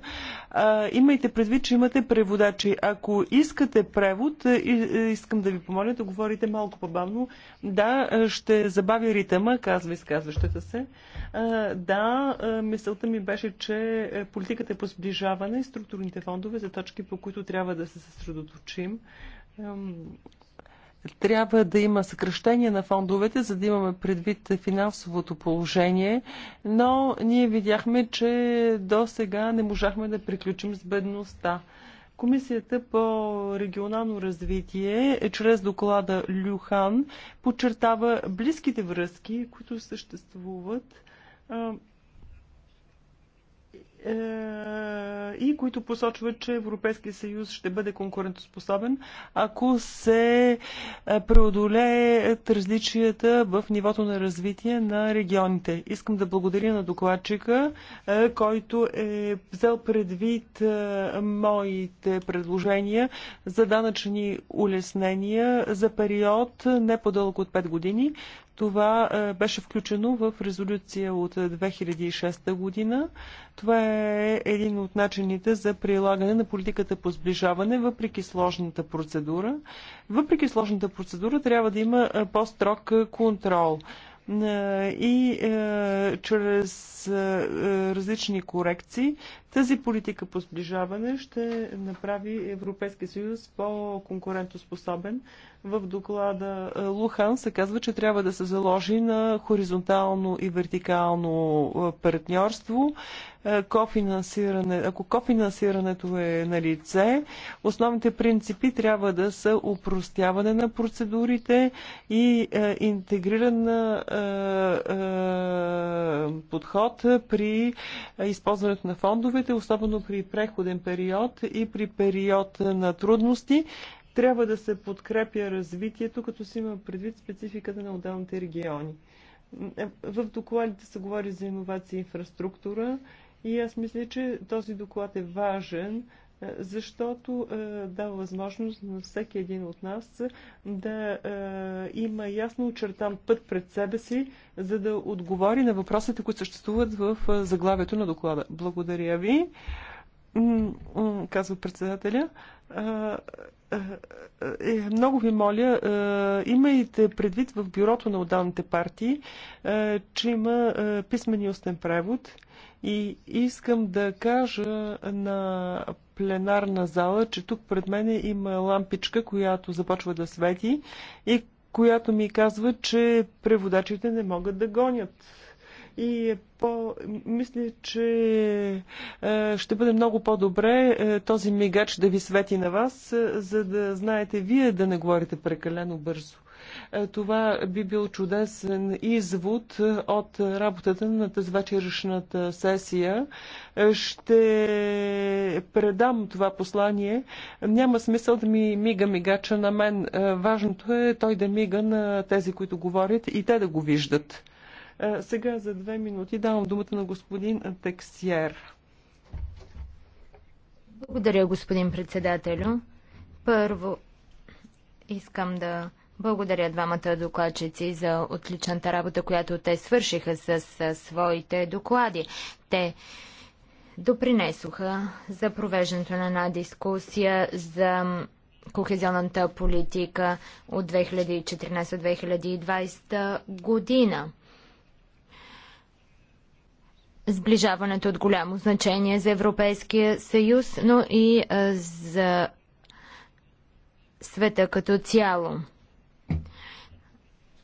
а, имайте предвид, че имате преводачи. Ако искате превод, е, е, искам да ви помоля да говорите малко по-бавно. Да, е, ще забавя ритъма, казва изказващата се. А, да, мисълта ми беше, че политиката по сближаване и структурните фондове за точки, по които трябва да се съсредоточим трябва да има съкръщение на фондовете, за да имаме предвид финансовото положение, но ние видяхме, че до сега не можахме да приключим с бедността. Комисията по регионално развитие, е, чрез доклада Люхан, подчертава близките връзки, които съществуват е, и които посочват, че Европейския съюз ще бъде конкурентоспособен, ако се е, преодолеят различията в нивото на развитие на регионите. Искам да благодаря на докладчика, е, който е взел предвид моите предложения за данъчни улеснения за период не по-дълъг от 5 години. Това е, беше включено в резолюция от 2006 е, година. Това е един от начините за прилагане на политиката по сближаване, въпреки сложната процедура. Въпреки сложната процедура трябва да има е, по-строг контрол и е, чрез е, различни корекции тази политика по сближаване ще направи Европейския съюз по-конкурентоспособен. В доклада е, Лухан се казва, че трябва да се заложи на хоризонтално и вертикално е, партньорство, е, кофинансиране, ако кофинансирането е на лице, основните принципи трябва да са упростяване на процедурите и интегриран подход при използването на фондове рисковете, особено при преходен период и при период на трудности. Трябва да се подкрепя развитието, като се има предвид спецификата на отделните региони. В докладите се говори за иновация и инфраструктура и аз мисля, че този доклад е важен, е, защото е, дава възможност на всеки един от нас да е, има ясно очертан път пред себе си, за да отговори на въпросите, които съществуват в заглавието на доклада. Благодаря ви, казва председателя. Много ви моля, имайте предвид в бюрото на отдалните партии, че има писмени устен превод. И искам да кажа на пленарна зала, че тук пред мен има лампичка, която започва да свети и която ми казва, че преводачите не могат да гонят. И е по, мисля, че е, ще бъде много по-добре е, този мигач да ви свети на вас, е, за да знаете вие да не говорите прекалено бързо. Е, това би бил чудесен извод е, от работата на тази вечершната сесия. Е, ще предам това послание. Няма смисъл да ми мига мигача на мен. Важното е той да мига на тези, които говорят и те да го виждат. Сега за две минути давам думата на господин Тексиер. Благодаря, господин председателю. Първо искам да благодаря двамата докладчици за отличната работа, която те свършиха с, своите доклади. Те допринесоха за провеждането на една дискусия за кохезионната политика от 2014-2020 година. Сближаването е от голямо значение за Европейския съюз, но и за света като цяло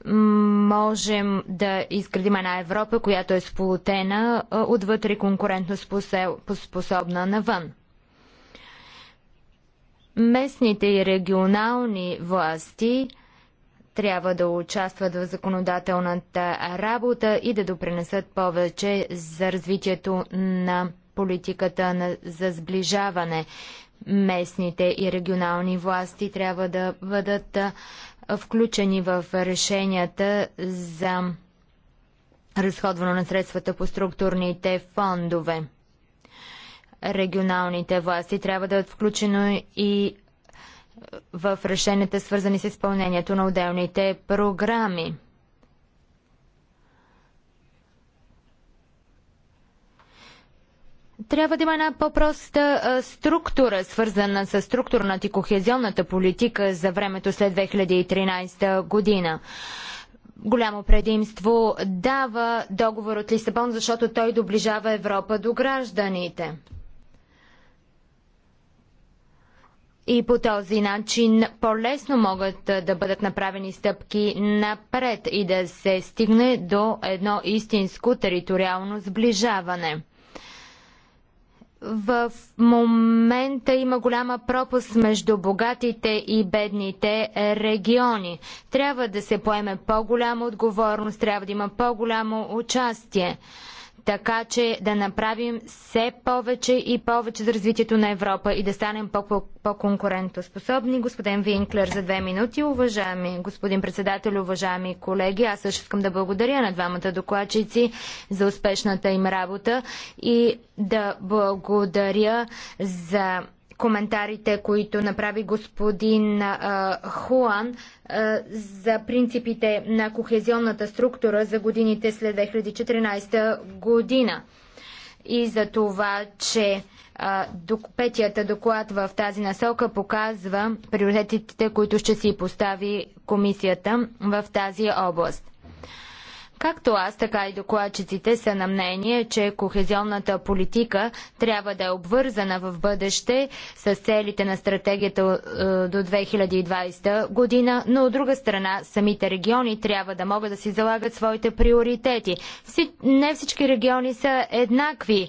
можем да изградим една Европа, която е сполутена отвътре конкурентно способна навън. Местните и регионални власти трябва да участват в законодателната работа и да допринесат повече за развитието на политиката на, за сближаване. Местните и регионални власти трябва да бъдат включени в решенията за разходване на средствата по структурните фондове. Регионалните власти трябва да бъдат е включено и в решенията, свързани с изпълнението на отделните програми. Трябва да има една по-проста структура, свързана с структурната и кохезионната политика за времето след 2013 година. Голямо предимство дава договор от Лисабон, защото той доближава Европа до гражданите. И по този начин по-лесно могат да бъдат направени стъпки напред и да се стигне до едно истинско териториално сближаване. В момента има голяма пропаст между богатите и бедните региони. Трябва да се поеме по-голяма отговорност, трябва да има по-голямо участие така че да направим все повече и повече за развитието на Европа и да станем по-конкурентоспособни. -по -по господин Винклер за две минути. Уважаеми господин председател, уважаеми колеги, аз също искам да благодаря на двамата докладчици за успешната им работа и да благодаря за коментарите, които направи господин а, Хуан а, за принципите на кохезионната структура за годините след 2014 година и за това, че петията доклад в тази насока показва приоритетите, които ще си постави комисията в тази област. Както аз, така и докладчиците са на мнение, че кохезионната политика трябва да е обвързана в бъдеще с целите на стратегията е, до 2020 година, но от друга страна самите региони трябва да могат да си залагат своите приоритети. Не всички региони са еднакви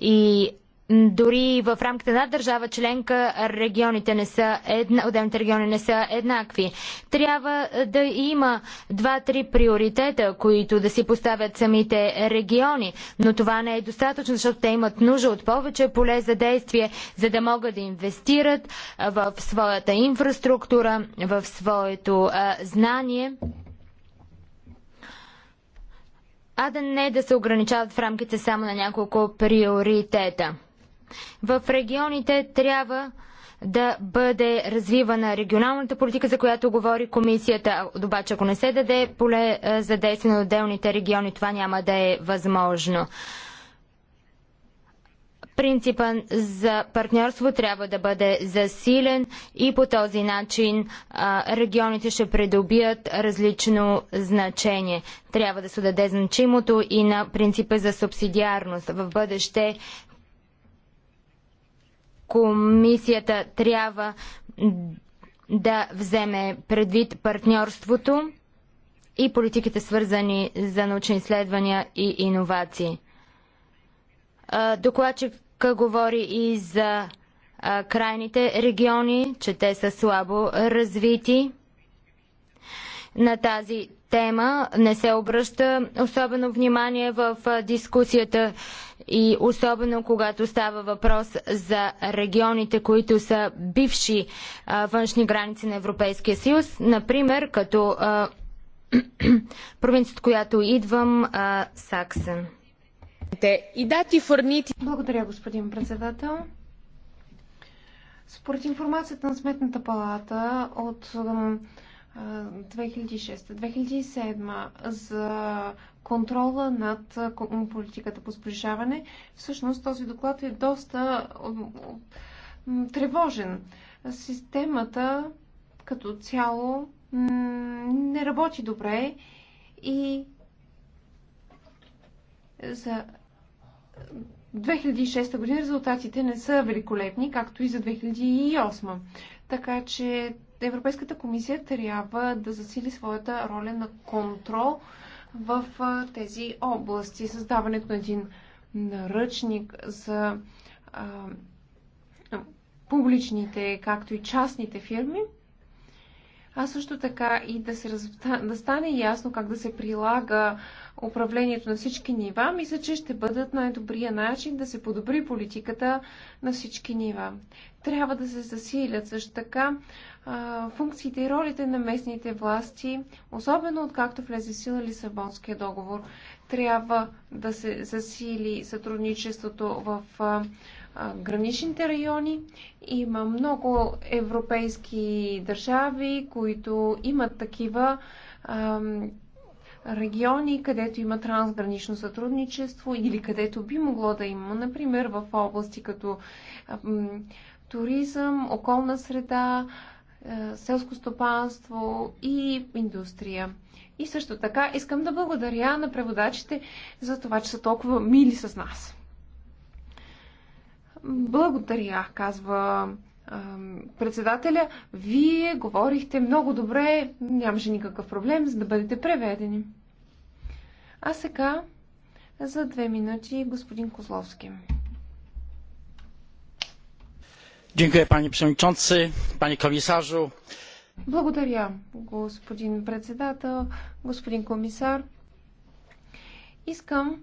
и дори в рамките на държава членка регионите не са една, отделните региони не са еднакви. Трябва е, да има два-три приоритета, които да си поставят самите региони, но това не е достатъчно, защото те имат нужда от повече поле за действие, за да могат да инвестират е, в своята инфраструктура, в своето а, е, знание а да не да се ограничават в рамките само на няколко приоритета. В регионите трябва да бъде развивана регионалната политика, за която говори комисията. Обаче, ако не се даде поле е, за действие на отделните региони, това няма да е възможно. Принципа за партньорство трябва да бъде засилен и по този начин е, регионите ще придобият различно значение. Трябва да се даде значимото и на принципа за субсидиарност. В бъдеще комисията трябва да вземе предвид партньорството и политиките свързани за научни изследвания и иновации. Докладчика говори и за крайните региони, че те са слабо развити на тази тема не се обръща особено внимание в дискусията и особено когато става въпрос за регионите, които са бивши външни граници на Европейския съюз, например като провинцията, която идвам, а, Саксен. Благодаря, господин председател. Според информацията на Сметната палата от 2006-2007 за контрола над политиката по сближаване, всъщност този доклад е доста тревожен. Системата като цяло не работи добре и за 2006 година резултатите не са великолепни, както и за 2008. Така че Европейската комисия трябва да засили своята роля на контрол в тези области. Създаването на един наръчник за а, публичните, както и частните фирми – а също така и да, се раз... да стане ясно как да се прилага управлението на всички нива, мисля, че ще бъдат най-добрия начин да се подобри политиката на всички нива. Трябва да се засилят също така функциите и ролите на местните власти, особено откакто влезе в сила Лисабонския договор. Трябва да се засили сътрудничеството в а, граничните райони. Има много европейски държави, които имат такива региони, където има трансгранично сътрудничество или където би могло да има, например в области като туризъм, околна среда, селско стопанство и индустрия. И също така искам да благодаря на преводачите за това, че са толкова мили с нас. Благодаря, казва председателя. Вие говорихте много добре, нямаше никакъв проблем, за да бъдете преведени. А сега за две минути господин Козловски. Дякую, пани przewodniczący, пани komisarzu. Благодаря, господин председател, господин комисар. Искам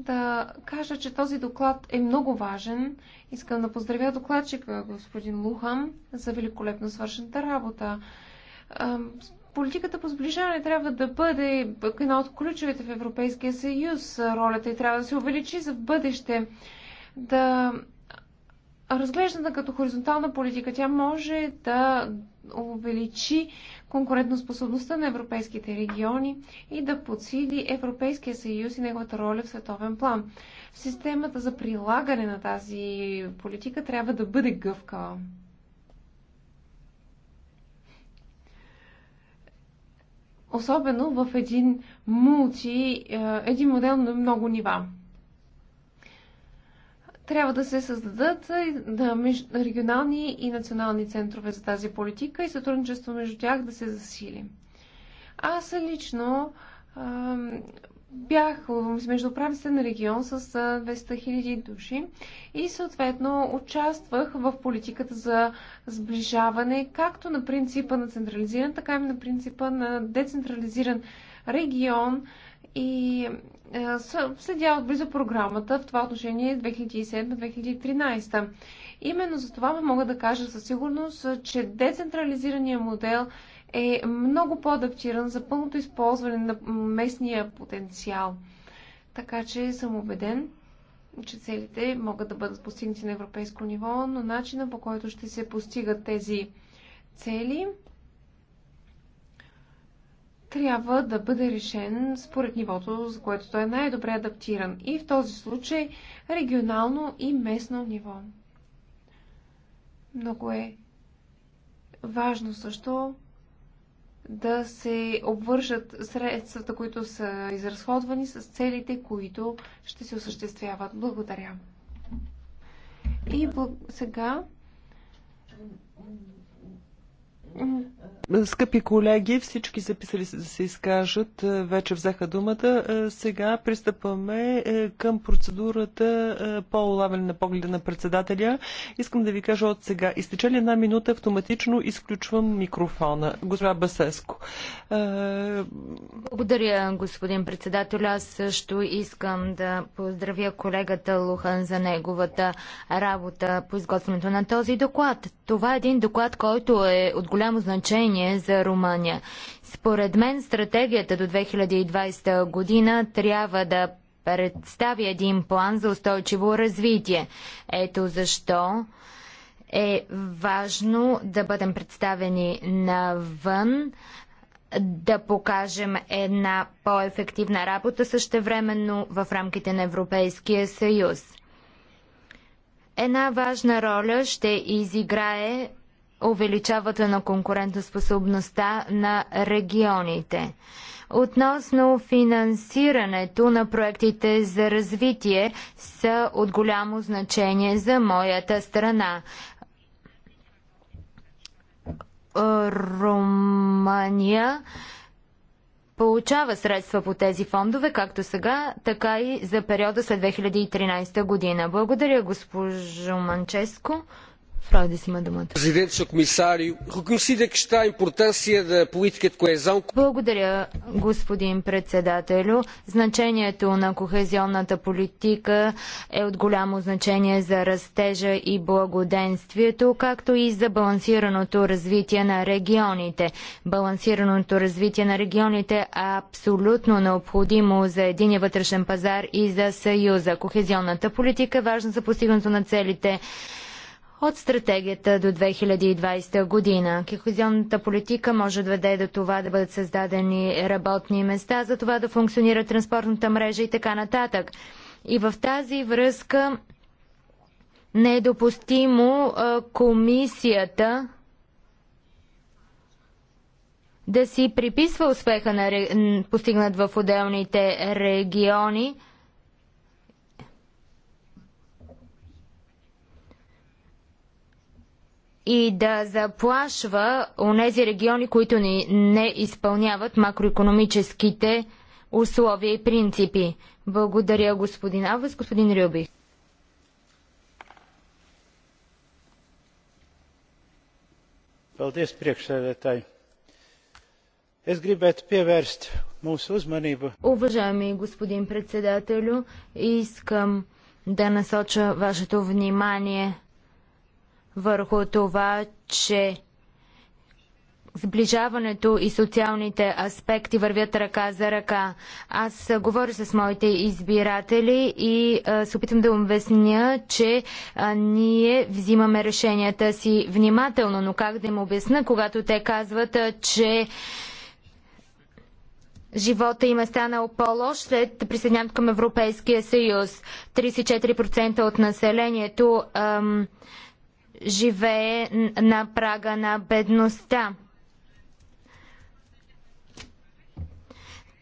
да кажа, че този доклад е много важен. Искам да поздравя докладчика, господин Лухан, за великолепно свършената работа. Политиката по сближаване трябва да бъде една от ключовете в Европейския съюз. Ролята и трябва да се увеличи за в бъдеще. Да разглеждана като хоризонтална политика, тя може да увеличи конкурентоспособността на европейските региони и да подсили Европейския съюз и неговата роля в световен план. Системата за прилагане на тази политика трябва да бъде гъвкава. Особено в един мулти, е, един модел на много нива. Трябва да се създадат да, регионални и национални центрове за тази политика и сътрудничество между тях да се засили. Аз лично а, бях между правите на регион с 200 000 души и съответно участвах в политиката за сближаване, както на принципа на централизиран, така и на принципа на децентрализиран регион. И е, следя близо програмата в това отношение 2007-2013. Именно за това мога да кажа със сигурност, че децентрализирания модел е много по-адаптиран за пълното използване на местния потенциал. Така че съм убеден, че целите могат да бъдат постигнати на европейско ниво, но начина по който ще се постигат тези цели трябва да бъде решен според нивото, за което той е най-добре адаптиран. И в този случай регионално и местно ниво. Много е важно също да се обвържат средствата, които са изразходвани с целите, които ще се осъществяват. Благодаря. И сега Скъпи колеги, всички записали се да се изкажат, е, вече взеха думата. Е, сега пристъпваме е, към процедурата по улавяне на погледа на председателя. Искам да ви кажа от сега. Изтече ли една минута, автоматично изключвам микрофона. Госпожа Басеско. Благодаря, господин председател. Аз също искам да поздравя колегата Лухан за неговата работа по изготвянето на този доклад. Това е един доклад, който е от голям голямо значение за Румъния. Според мен стратегията до 2020 година трябва да представи един план за устойчиво развитие. Ето защо е важно да бъдем представени навън, да покажем една по-ефективна работа същевременно в рамките на Европейския съюз. Една важна роля ще изиграе Увеличаването на конкурентоспособността на регионите. Относно финансирането на проектите за развитие са от голямо значение за моята страна. Румъния получава средства по тези фондове, както сега, така и за периода след 2013 година. Благодаря, госпожо Манческо. Фройдес има думата. Президент, комисарио, reconhecida que está a importância da política de coesão. Благодаря, господин председателю. Значението на кохезионната политика е от голямо значение за растежа и благоденствието, както и за балансираното развитие на регионите. Балансираното развитие на регионите е абсолютно необходимо за единия вътрешен пазар и за Съюза. Кохезионната политика е важна за постигането на целите от стратегията до 2020 година. кехозионната политика може да веде до това да бъдат създадени работни места, за това да функционира транспортната мрежа и така нататък. И в тази връзка не е допустимо а, комисията да си приписва успеха на, постигнат в отделните региони – и да заплашва онези региони, които ни не изпълняват макроекономическите условия и принципи. Благодаря, господин Авес, господин Рюби. Paldies, priekšsēdētāji. Es gribētu pievērst mūsu uzmanību. Уважаеми господин председателю, искам да насоча вашето внимание върху това, че сближаването и социалните аспекти вървят ръка за ръка. Аз говоря с моите избиратели и се опитвам да им обясня, че а, ние взимаме решенията си внимателно, но как да им обясна, когато те казват, а, че живота им е станал по-лош след присъединяването към Европейския съюз. 34% от населението ам, живее на прага на бедността.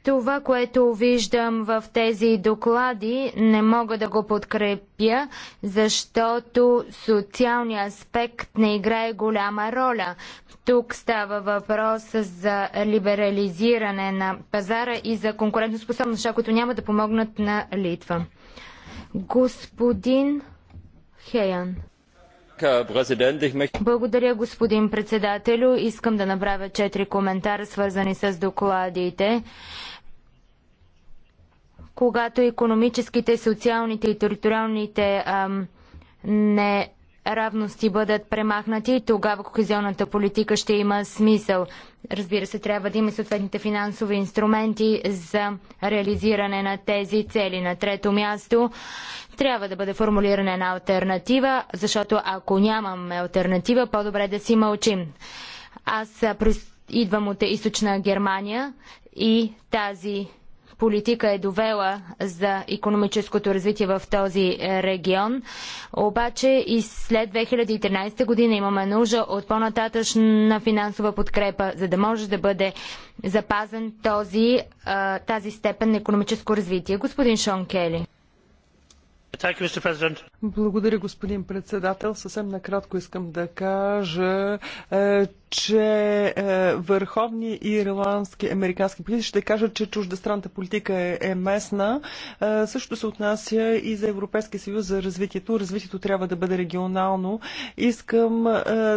Това, което виждам в тези доклади, не мога да го подкрепя, защото социалният аспект не играе голяма роля. Тук става въпрос за либерализиране на пазара и за конкурентоспособност, защото няма да помогнат на Литва. Господин Хеян. Благодаря, господин председателю. Искам да направя четири коментара, свързани с докладите. Когато економическите, социалните и териториалните ам, не Равности бъдат премахнати, тогава кохезионната политика ще има смисъл. Разбира се, трябва да има съответните финансови инструменти за реализиране на тези цели. На трето място трябва да бъде формулирана една альтернатива, защото ако нямаме альтернатива, по-добре да си мълчим. Аз идвам от източна Германия и тази политика е довела за економическото развитие в този е, регион. Обаче и след 2013 година имаме нужда от по-нататъчна финансова подкрепа, за да може да бъде запазен този, е, тази степен на економическо развитие. Господин Шон Кели. Благодаря, господин председател. Съвсем накратко искам да кажа, е, че е, върховни ирландски американски политици ще кажат, че чуждестранната политика е, е местна. Също се отнася и за Европейския съюз за развитието. Развитието трябва да бъде регионално. Искам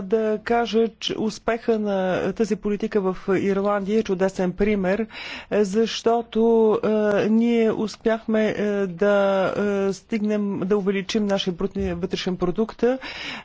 да кажа, че успеха на тази политика в Ирландия е чудесен пример, защото ние успяхме да стигнем постигнем, да увеличим нашия брутния вътрешен продукт.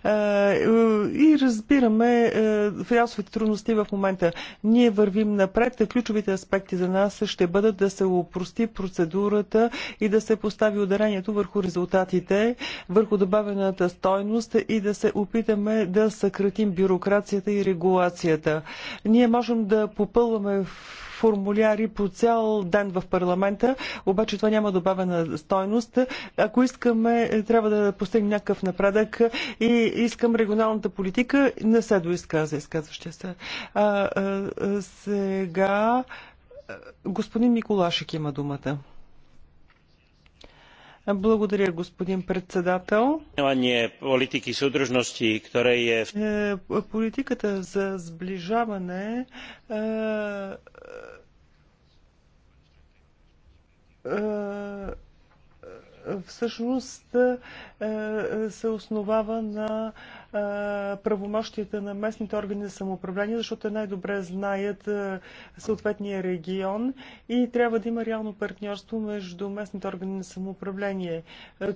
И разбираме е, финансовите трудности в момента. Ние вървим напред. Ключовите аспекти за нас ще бъдат да се упрости процедурата и да се постави ударението върху резултатите, върху добавената стойност и да се опитаме да съкратим бюрокрацията и регулацията. Ние можем да попълваме в формуляри по цял ден в парламента, обаче това няма добавена стойност. Ако искаме, е, трябва да постигнем някакъв напредък и искам регионалната политика. Не се доизказа изказващия се. А, а, сега господин Миколашик има думата. Благодаря, господин председател. Политики съдружности, е, е... Политиката за сближаване е, е, всъщност е, се основава на е, правомощията на местните органи за самоуправление, защото най-добре знаят е, съответния регион и трябва да има реално партньорство между местните органи на самоуправление.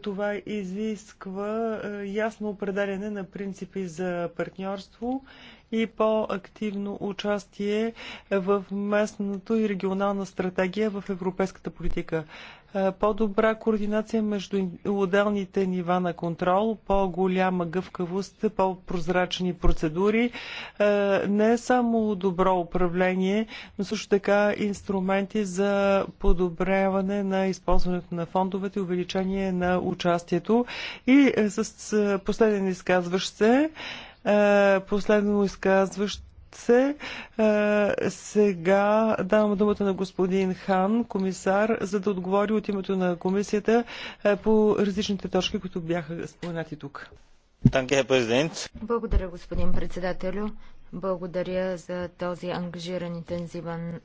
Това изисква ясно определене на принципи за партньорство и по-активно участие в местната и регионална стратегия в европейската политика. Е, по-добра координация между отделните нива на контрол, по-голяма гъвкавост, по-прозрачни процедури, е, не само добро управление, но също така инструменти за подобряване на използването на фондовете и увеличение на участието. И е, с последен изказващ се, е, последно изказващ се. Е, сега давам думата на господин Хан, комисар, за да отговори от името на комисията е, по различните точки, които бяха споменати тук. Благодаря, господин председателю. Благодаря за този ангажиран интензивен е,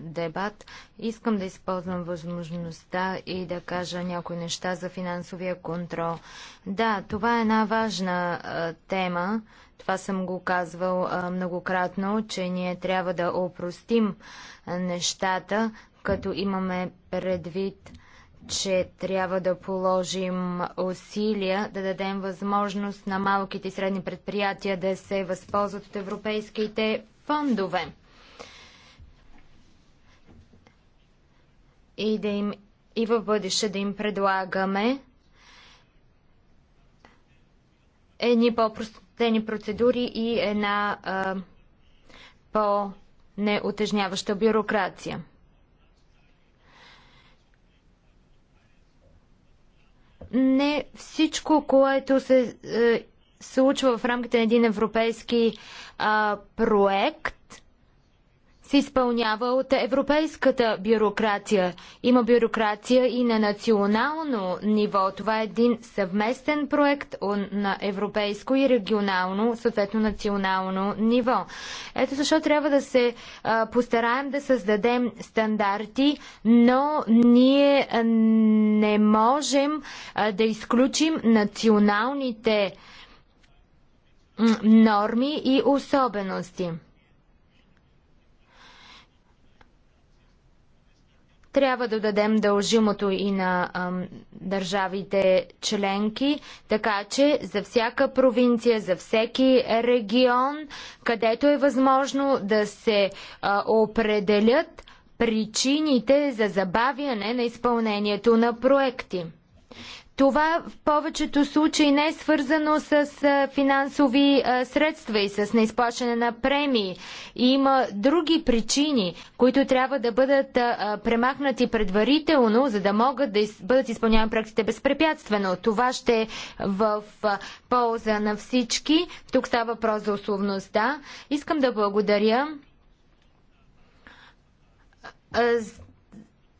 дебат. Искам да използвам възможността и да кажа някои неща за финансовия контрол. Да, това е една важна е, тема. Това съм го казвал е, многократно, че ние трябва да опростим е, нещата, като имаме предвид че трябва да положим усилия да дадем възможност на малките и средни предприятия да се възползват от европейските фондове и да им и в бъдеще да им предлагаме едни по-простени процедури и една по-неотежняваща бюрокрация. не всичко, което се е, случва в рамките на един европейски проект, се изпълнява от европейската бюрокрация. Има бюрокрация и на национално ниво. Това е един съвместен проект на европейско и регионално, съответно национално ниво. Ето защо трябва да се постараем да създадем стандарти, но ние не можем да изключим националните норми и особености. Трябва да дадем дължимото и на ам, държавите членки, така че за всяка провинция, за всеки регион, където е възможно да се а, определят причините за забавяне на изпълнението на проекти. Това в повечето случаи не е свързано с финансови средства и с неизплащане на премии. И има други причини, които трябва да бъдат премахнати предварително, за да могат да бъдат изпълнявани проектите безпрепятствено. Това ще е в полза на всички. Тук става въпрос за условността. Искам да благодаря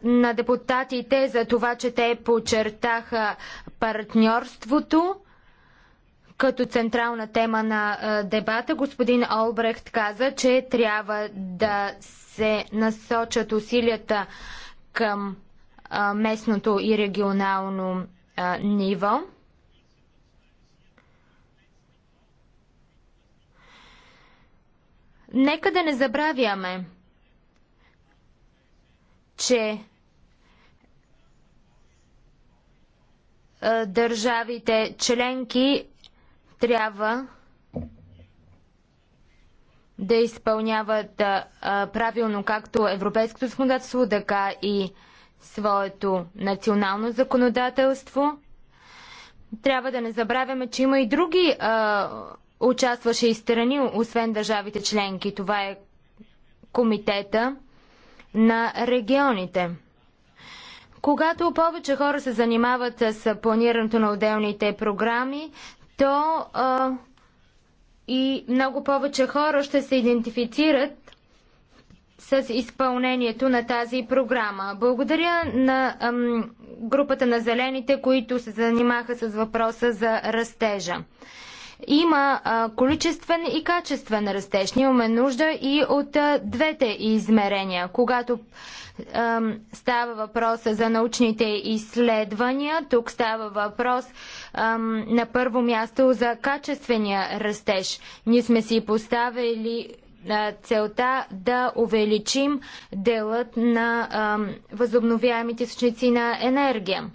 на депутатите за това, че те подчертаха партньорството като централна тема на дебата. Господин Олбрехт каза, че трябва да се насочат усилията към местното и регионално ниво. Нека да не забравяме, че държавите членки трябва да изпълняват правилно както европейското законодателство, така и своето национално законодателство. Трябва да не забравяме, че има и други участваше и страни, освен държавите членки. Това е комитета на регионите. Когато повече хора се занимават с планирането на отделните програми, то а, и много повече хора ще се идентифицират с изпълнението на тази програма. Благодаря на ам, групата на зелените, които се занимаха с въпроса за растежа. Има а, количествен и качествен растеж. Ние имаме нужда и от а, двете измерения. Когато става въпроса за научните изследвания. Тук става въпрос на първо място за качествения растеж. Ние сме си поставили целта да увеличим делът на възобновяемите източници на енергия.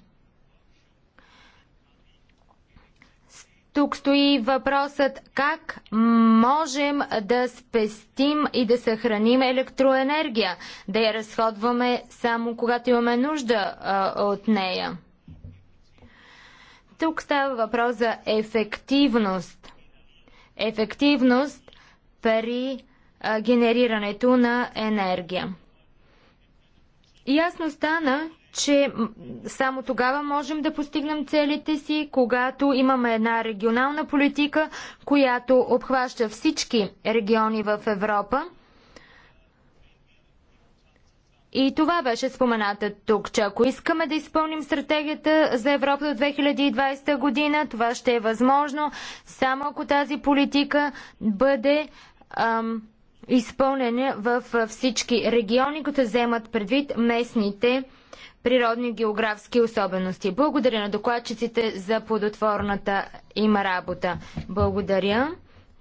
Тук стои въпросът как можем да спестим и да съхраним електроенергия, да я разходваме само когато имаме нужда а, от нея. Тук става въпрос за ефективност. Ефективност при а, генерирането на енергия. Ясно стана, че само тогава можем да постигнем целите си, когато имаме една регионална политика, която обхваща всички региони в Европа. И това беше спомената тук, че ако искаме да изпълним стратегията за Европа до 2020 година, това ще е възможно, само ако тази политика бъде ам, изпълнена в всички региони, като вземат предвид местните природни географски особености. Благодаря на докладчиците за плодотворната им работа. Благодаря,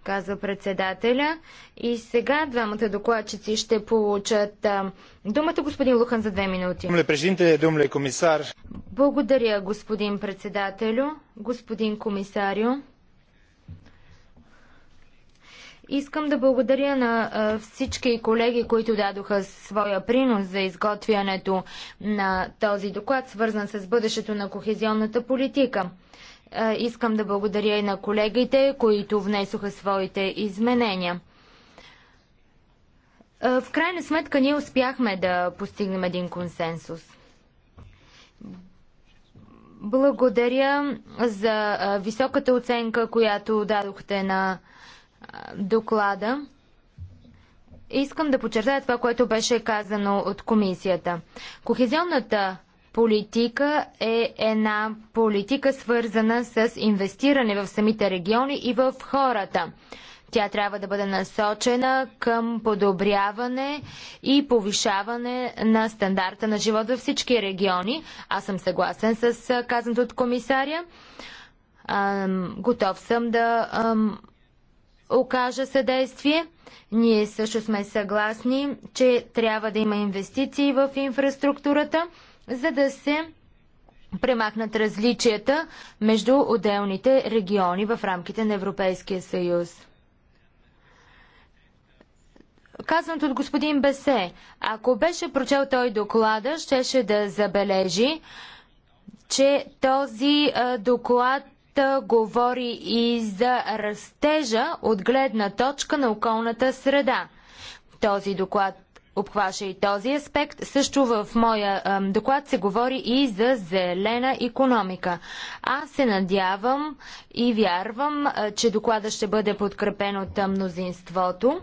казва председателя. И сега двамата докладчици ще получат думата господин Лухан за две минути. Благодаря, господин председателю, господин комисарио. Искам да благодаря на всички колеги, които дадоха своя принос за изготвянето на този доклад, свързан с бъдещето на кохезионната политика. Искам да благодаря и на колегите, които внесоха своите изменения. В крайна сметка ние успяхме да постигнем един консенсус. Благодаря за високата оценка, която дадохте на доклада. Искам да подчертая това, което беше казано от комисията. Кохезионната политика е една политика свързана с инвестиране в самите региони и в хората. Тя трябва да бъде насочена към подобряване и повишаване на стандарта на живот във всички региони. Аз съм съгласен с казаното от комисаря. Готов съм да окажа съдействие. Ние също сме съгласни, че трябва да има инвестиции в инфраструктурата, за да се премахнат различията между отделните региони в рамките на Европейския съюз. Казаното от господин Бесе, ако беше прочел той доклада, щеше да забележи, че този доклад говори и за растежа от гледна точка на околната среда. Този доклад обхваща и този аспект. Също в моя е, доклад се говори и за зелена економика. Аз се надявам и вярвам, е, че доклада ще бъде подкрепен от мнозинството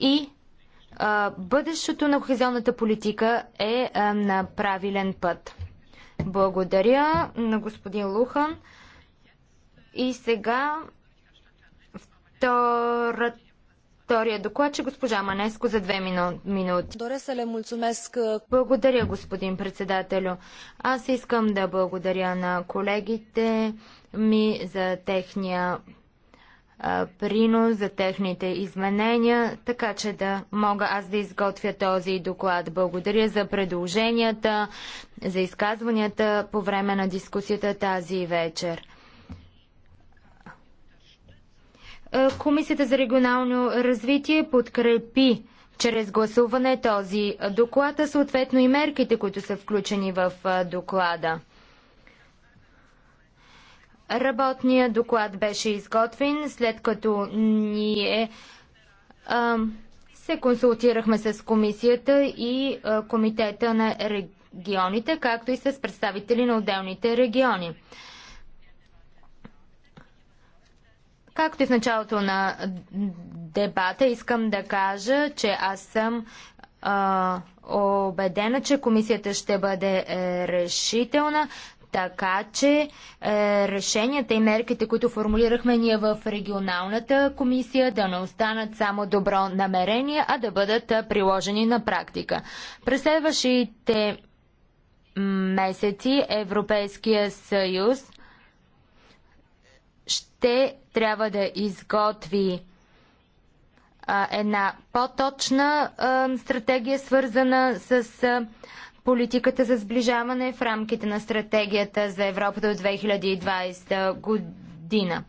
и е, бъдещето на хохезионната политика е на правилен път. Благодаря на господин Лухан. И сега втората Втория доклад, че госпожа Манеско за две мину... минути. Благодаря, господин председателю. Аз искам да благодаря на колегите ми за техния принос за техните изменения, така че да мога аз да изготвя този доклад. Благодаря за предложенията, за изказванията по време на дискусията тази вечер. Комисията за регионално развитие подкрепи чрез гласуване този доклад, а съответно и мерките, които са включени в доклада. Работният доклад беше изготвен, след като ние а, се консултирахме с комисията и а, комитета на регионите, както и с представители на отделните региони. Както и в началото на дебата, искам да кажа, че аз съм а, убедена, че комисията ще бъде е, решителна. Така че е, решенията и мерките, които формулирахме ние в регионалната комисия, да не останат само добро намерение, а да бъдат е, приложени на практика. През следващите месеци Европейския съюз ще трябва да изготви а, е, една по-точна е, стратегия, свързана с. А, политиката за сближаване в рамките на стратегията за Европа до 2020 година.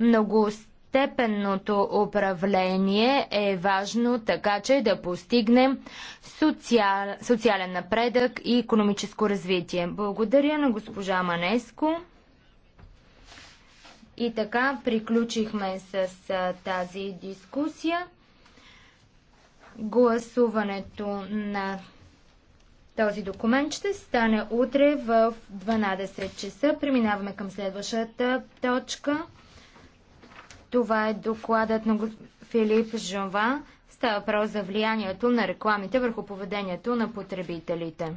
Многостепенното управление е важно така, че да постигнем социал, социален напредък и економическо развитие. Благодаря на госпожа Манеско. И така приключихме с тази дискусия. Гласуването на този документ ще стане утре в 12 часа. Преминаваме към следващата точка. Това е докладът на Филип Жова. Става въпрос за влиянието на рекламите върху поведението на потребителите.